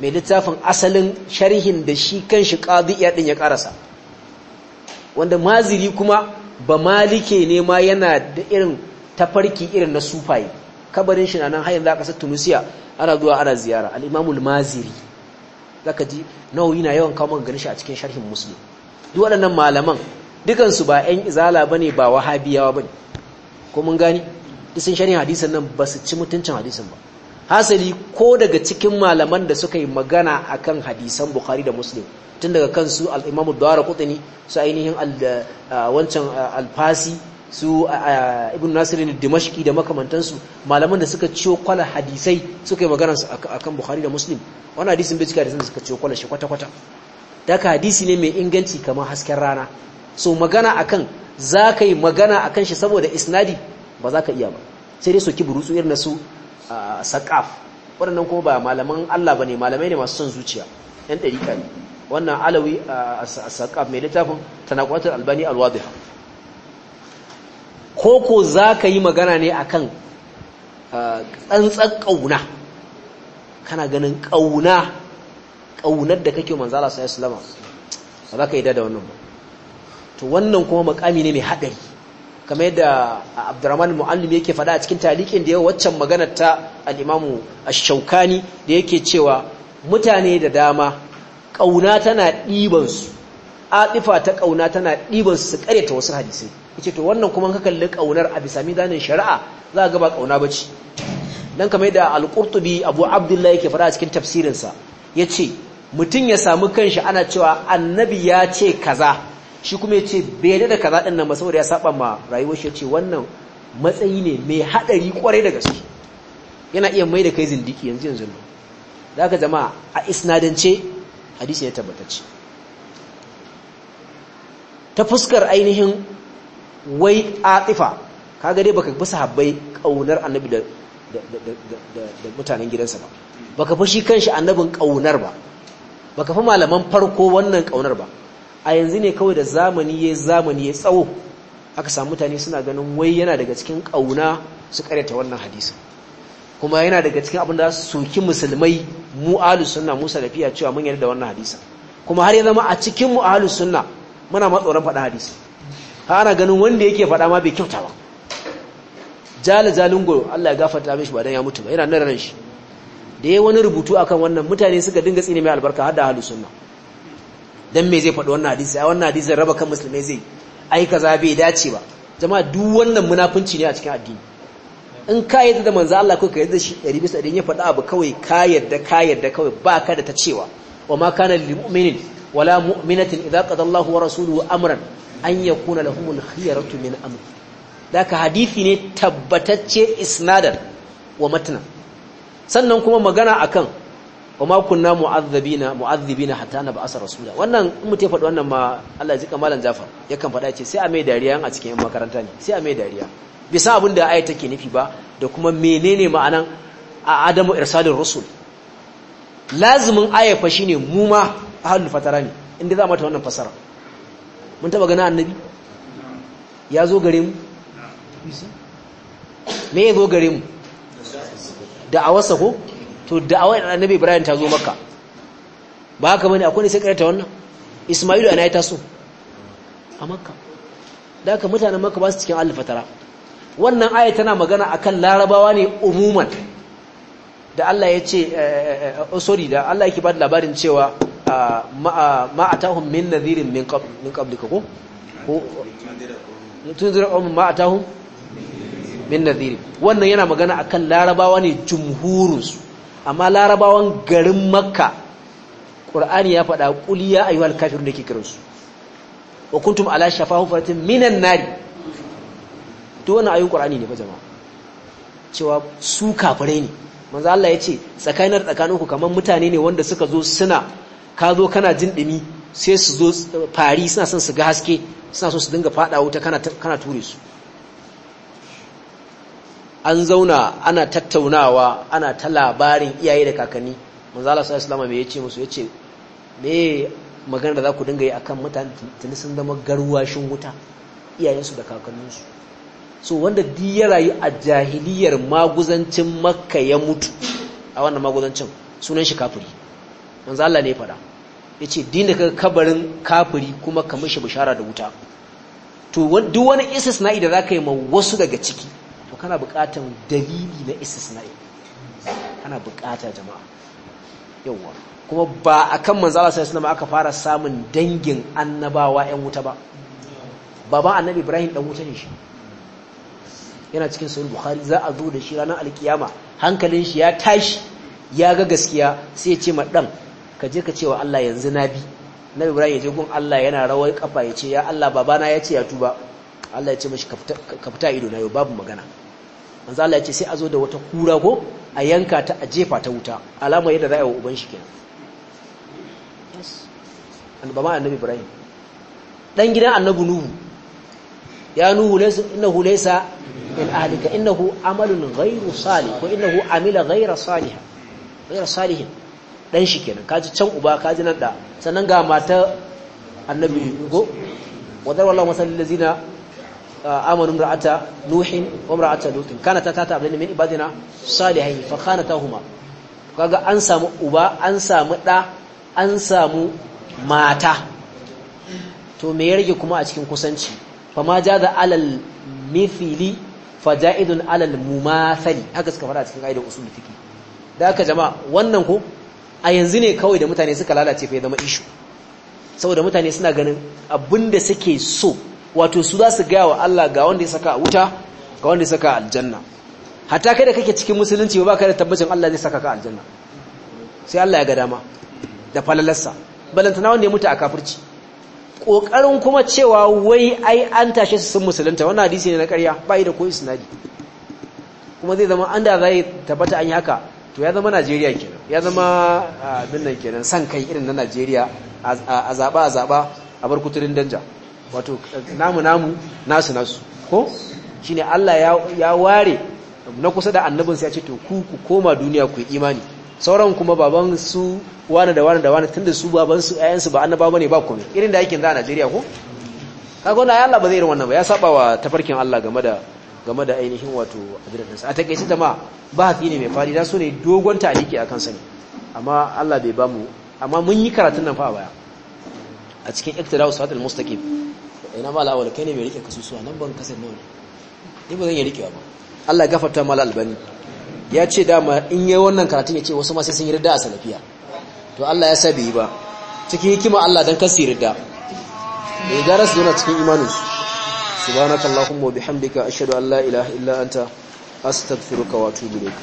mai littafin asalin sharhin da shi kan shi ƙadiyar ɗin ya ƙarasa wanda maziri kuma ba malike ne ma yana da irin tafarki irin na sufaye kabarin shi na nan hayan za a ƙasar tunisiya ana zuwa ana ziyara al'imamul maziri za ka ji nauyi na yawan kawo ganin shi a cikin sharhin musulun duk waɗannan malaman dukansu ba 'yan izala ba ne ba wahabiyawa ba ne ko mun gani duk sun sharhin hadisan nan ba su ci mutuncin hadisan ba hasali ko daga cikin malaman da suka yi magana a kan hadisan bukhari da muslim tun daga kansu al’imamu imamu dawara su ainihin wancan alfasi su ibn nasirin dimashki da makamantansu malaman da suka ciyo kwala hadisai suka yi magana a kan bukhari da muslim wani hadisin bai cika hadisin da suka ciyo kwala shi kwata-kwata daga hadisi ne mai inganci kamar hasken rana so magana akan za ka yi magana akan shi saboda isnadi ba za ka iya ba sai dai soki burutsu irin na su Sakaf, waɗannan ko ba malaman Allah bane malamai ne masu son zuciya yan dariƙa ne wannan alawi sakaf mai littafin tanakwatar albani Ko-ko za ka yi magana ne a kan tsantsan ƙauna kana ganin ƙauna, ƙaunar da kake manzala sallallahu su wasallam ba za ka yi da wannan ba to wannan kuma makami ne mai haɗari kamar da abdurrahman mu'allim yake faɗa a cikin talikin da yau waccan maganar ta al'imamu ashaukani da yake cewa mutane da dama ƙauna tana ɗibansu atifa ta ƙauna tana ɗibansu su ta wasu hadisai ce to wannan kuma ka kalli ƙaunar a bisa mizanin shari'a za a ba ƙauna bace dan kamar da al-qurtubi abu abdullahi yake faɗa a cikin tafsirinsa ce mutum ya samu kanshi ana cewa annabi ya ce kaza shi kuma ya ce bai da kaza ɗin nan ba saboda ya saba ma rayuwar shi ya ce wannan matsayi ne mai haɗari kwarai da gaske yana iya mai da kai zindiki yanzu yanzu nan za ka zama a isnadance hadisi ya tabbatacce ta fuskar ainihin wai atifa kaga dai baka bi sahabbai kaunar annabi da mutanen gidansa ba baka fi shi kanshi annabin ƙaunar ba baka fi malaman farko wannan ƙaunar ba a yanzu ne kawai da zamani ya zamani ya tsawo aka samu mutane suna ganin wai yana daga cikin ƙauna su karyata wannan hadisi kuma yana daga cikin abin da su soki musulmai mu ahlus sunna da fiya cewa mun yarda da wannan hadisi kuma har ya zama a cikin mu ahlus sunna muna ma tsoron faɗa hadisi har ana ganin wanda yake faɗa ma bai kyauta ba jala jalin goro Allah ya gafarta mishi ba dan ya mutu ba yana nan ran shi da yayi wani rubutu akan wannan mutane suka dinga tsine mai albarka har da ahlus sunna dan me zai faɗi wannan hadisi a wannan hadisin raba kan musulmai zai ai kaza bai dace ba jama'a duk wannan munafunci ne a cikin addini in ka yadda da manzo Allah ko ka yadda shi 100 bisa 100 ya faɗi abu kawai ka yadda ka yadda kawai baka da ta cewa wa ma kana lil mu'minin wala mu'minatin idza qada Allahu wa rasuluhu amran an yakuna lahumul khiyaratu min amr daka hadisi ne tabbatacce isnadan wa matnan sannan kuma magana akan wa ma kunna mu'adhibina mu'adhibina hatta na ba'asa rasula wannan in mutai faɗi wannan ma Allah ya zika malam Jafar yakan faɗa ce sai a mai dariya a cikin makaranta ne sai a mai dariya bisa abin da ayat take nufi ba da kuma menene ma'anan a adamu irsalin rusul lazimin ayat fa shine mu ma ahlul fatara ne inda za mu ta wannan fasara mun taba gani annabi ya zo gare mu me ya zo gare mu da awasa ko to da'awar annabi ibrahim ta zo Makka. ba haka bane akwai ne sai karanta wannan isma'ilu ana ya taso a makka da haka mutanen makka ba su cikin alfatara wannan aya tana magana akan larabawa ne umuman da Allah ya ce eh, eh, eh, oh, sorry da Allah yake ba da labarin cewa ah, ah, ma atahum min nadhirin min qabl min qablika ko tunzira qawmin ma atahum min nadhirin wannan yana magana akan larabawa ne jumhurus amma larabawan garin makka ƙur'ani ya faɗa ƙuliya a yi alkafirun da ke kiransu wa kuntum ala shafa hufatin minan nari to wani ayin ƙur'ani ne ba jama cewa su kafirai ne manzo Allah ya ce tsakanin tsakaninku kamar mutane ne wanda suka zo suna ka zo kana jin ɗumi sai su zo fari suna son su ga haske suna so su dinga faɗa wuta kana ture su an zauna ana tattaunawa ana ta labarin iyaye da kakanni manzo Allah sallallahu alaihi wasallam musu yace me magana da za ku dinga yi akan mutane tuni sun zama garwashin wuta iyayensu da kakanninsu so wanda di ya rayu a jahiliyar maguzancin makka ya mutu a wannan maguzancin sunan shi kafiri manzo ne ya faɗa yace din da kaga kabarin kafiri kuma ka mishi bishara da wuta to duk wani istisna'i da zaka yi ma wasu daga ciki kana bukatan dalili na istisna'i kana buƙata jama'a yawa kuma ba akan manzo Allah sallallahu alaihi aka fara samun dangin annabawa 'yan wuta ba baban annabi Ibrahim dan wuta ne shi yana cikin sahih Bukhari za a zo da shi ranar alkiyama hankalin shi ya tashi ya ga gaskiya sai ya ce ma dan ka je ka cewa Allah yanzu na bi Nabi Ibrahim ya je gun Allah yana rawar kafa ya ce ya Allah babana ya ce ya tuba Allah ya ce mashi ka fita ido na yau babu magana manzo Allah ya ce sai a zo da wata kura ko a yanka ta a jefa ta wuta alama yadda za a yi wa uban shi kenan yes annabama annabi Ibrahim dan gidan annabi Nuhu ya Nuhu laysa innahu laysa min ahlika innahu amalun ghayru salih ko innahu amila ghayra salih ghayra salih dan shi kenan kaji can uba kaji nan da sannan ga mata annabi go wadar wallahu masallil lazina amanu imra'ata nuhin wa imra'ata lutin kana ta tata abdan min ibadina salihin fa khanatahuma kaga an samu uba an samu da an samu mata to me ya rage kuma a cikin kusanci fa ma jaza alal mithili fa ja'idun alal mumathali haka suka fara cikin aidin usul fiqi da haka jama'a wannan ko a yanzu ne kawai da mutane suka lalace fa ya zama ishu saboda mutane suna ganin abinda suke so wato su za su gaya wa Allah ga wanda ya saka wuta ga wanda ya saka aljanna hatta kai da kake cikin musulunci ba ka da tabbacin Allah zai saka ka aljanna sai Allah ya ga dama da falalarsa balantana wanda ya mutu a kafirci kokarin kuma cewa wai ai an tashe su sun musulunta wannan hadisi ne na ƙarya ba da ko isnadi kuma zai zama an da zai tabbata an yi haka to ya zama Najeriya kenan ya zama ah, abin nan kenan san kai irin na Najeriya a zaba a zaba a bar kuturin danja wato namu namu nasu nasu ko shi ne Allah ya ware na kusa da annabinsu ya ce to ku ku koma duniya ku imani sauran kuma baban su wani da wani da wani da su baban su ayan su ba annaba ne ba kome irin da aikin za a Najeriya ko kaga wani Allah ba zai irin wannan ba ya saba wa tafarkin Allah game da game da ainihin wato adiradinsa a ta ma ba hafi ne mai fadi da su ne dogon taliki akan sani amma Allah bai ba mu amma mun yi karatun nan fa a baya a cikin wasu hatar mustaqim ina mala awal kai ne mai rike kasusuwa nan ban kasar nawa ne ba zan yi rikewa ba Allah ya gafarta mala albani ya ce dama in yi wannan karatun ya ce wasu masu sun yi rida a salafiya to Allah ya sa bai yi ba cikin hikima Allah dan kasu rida bai eh, gara su zauna cikin imanin su subhanakallahumma wa bihamdika ashhadu an la ilaha illa anta astaghfiruka wa atubu ilayk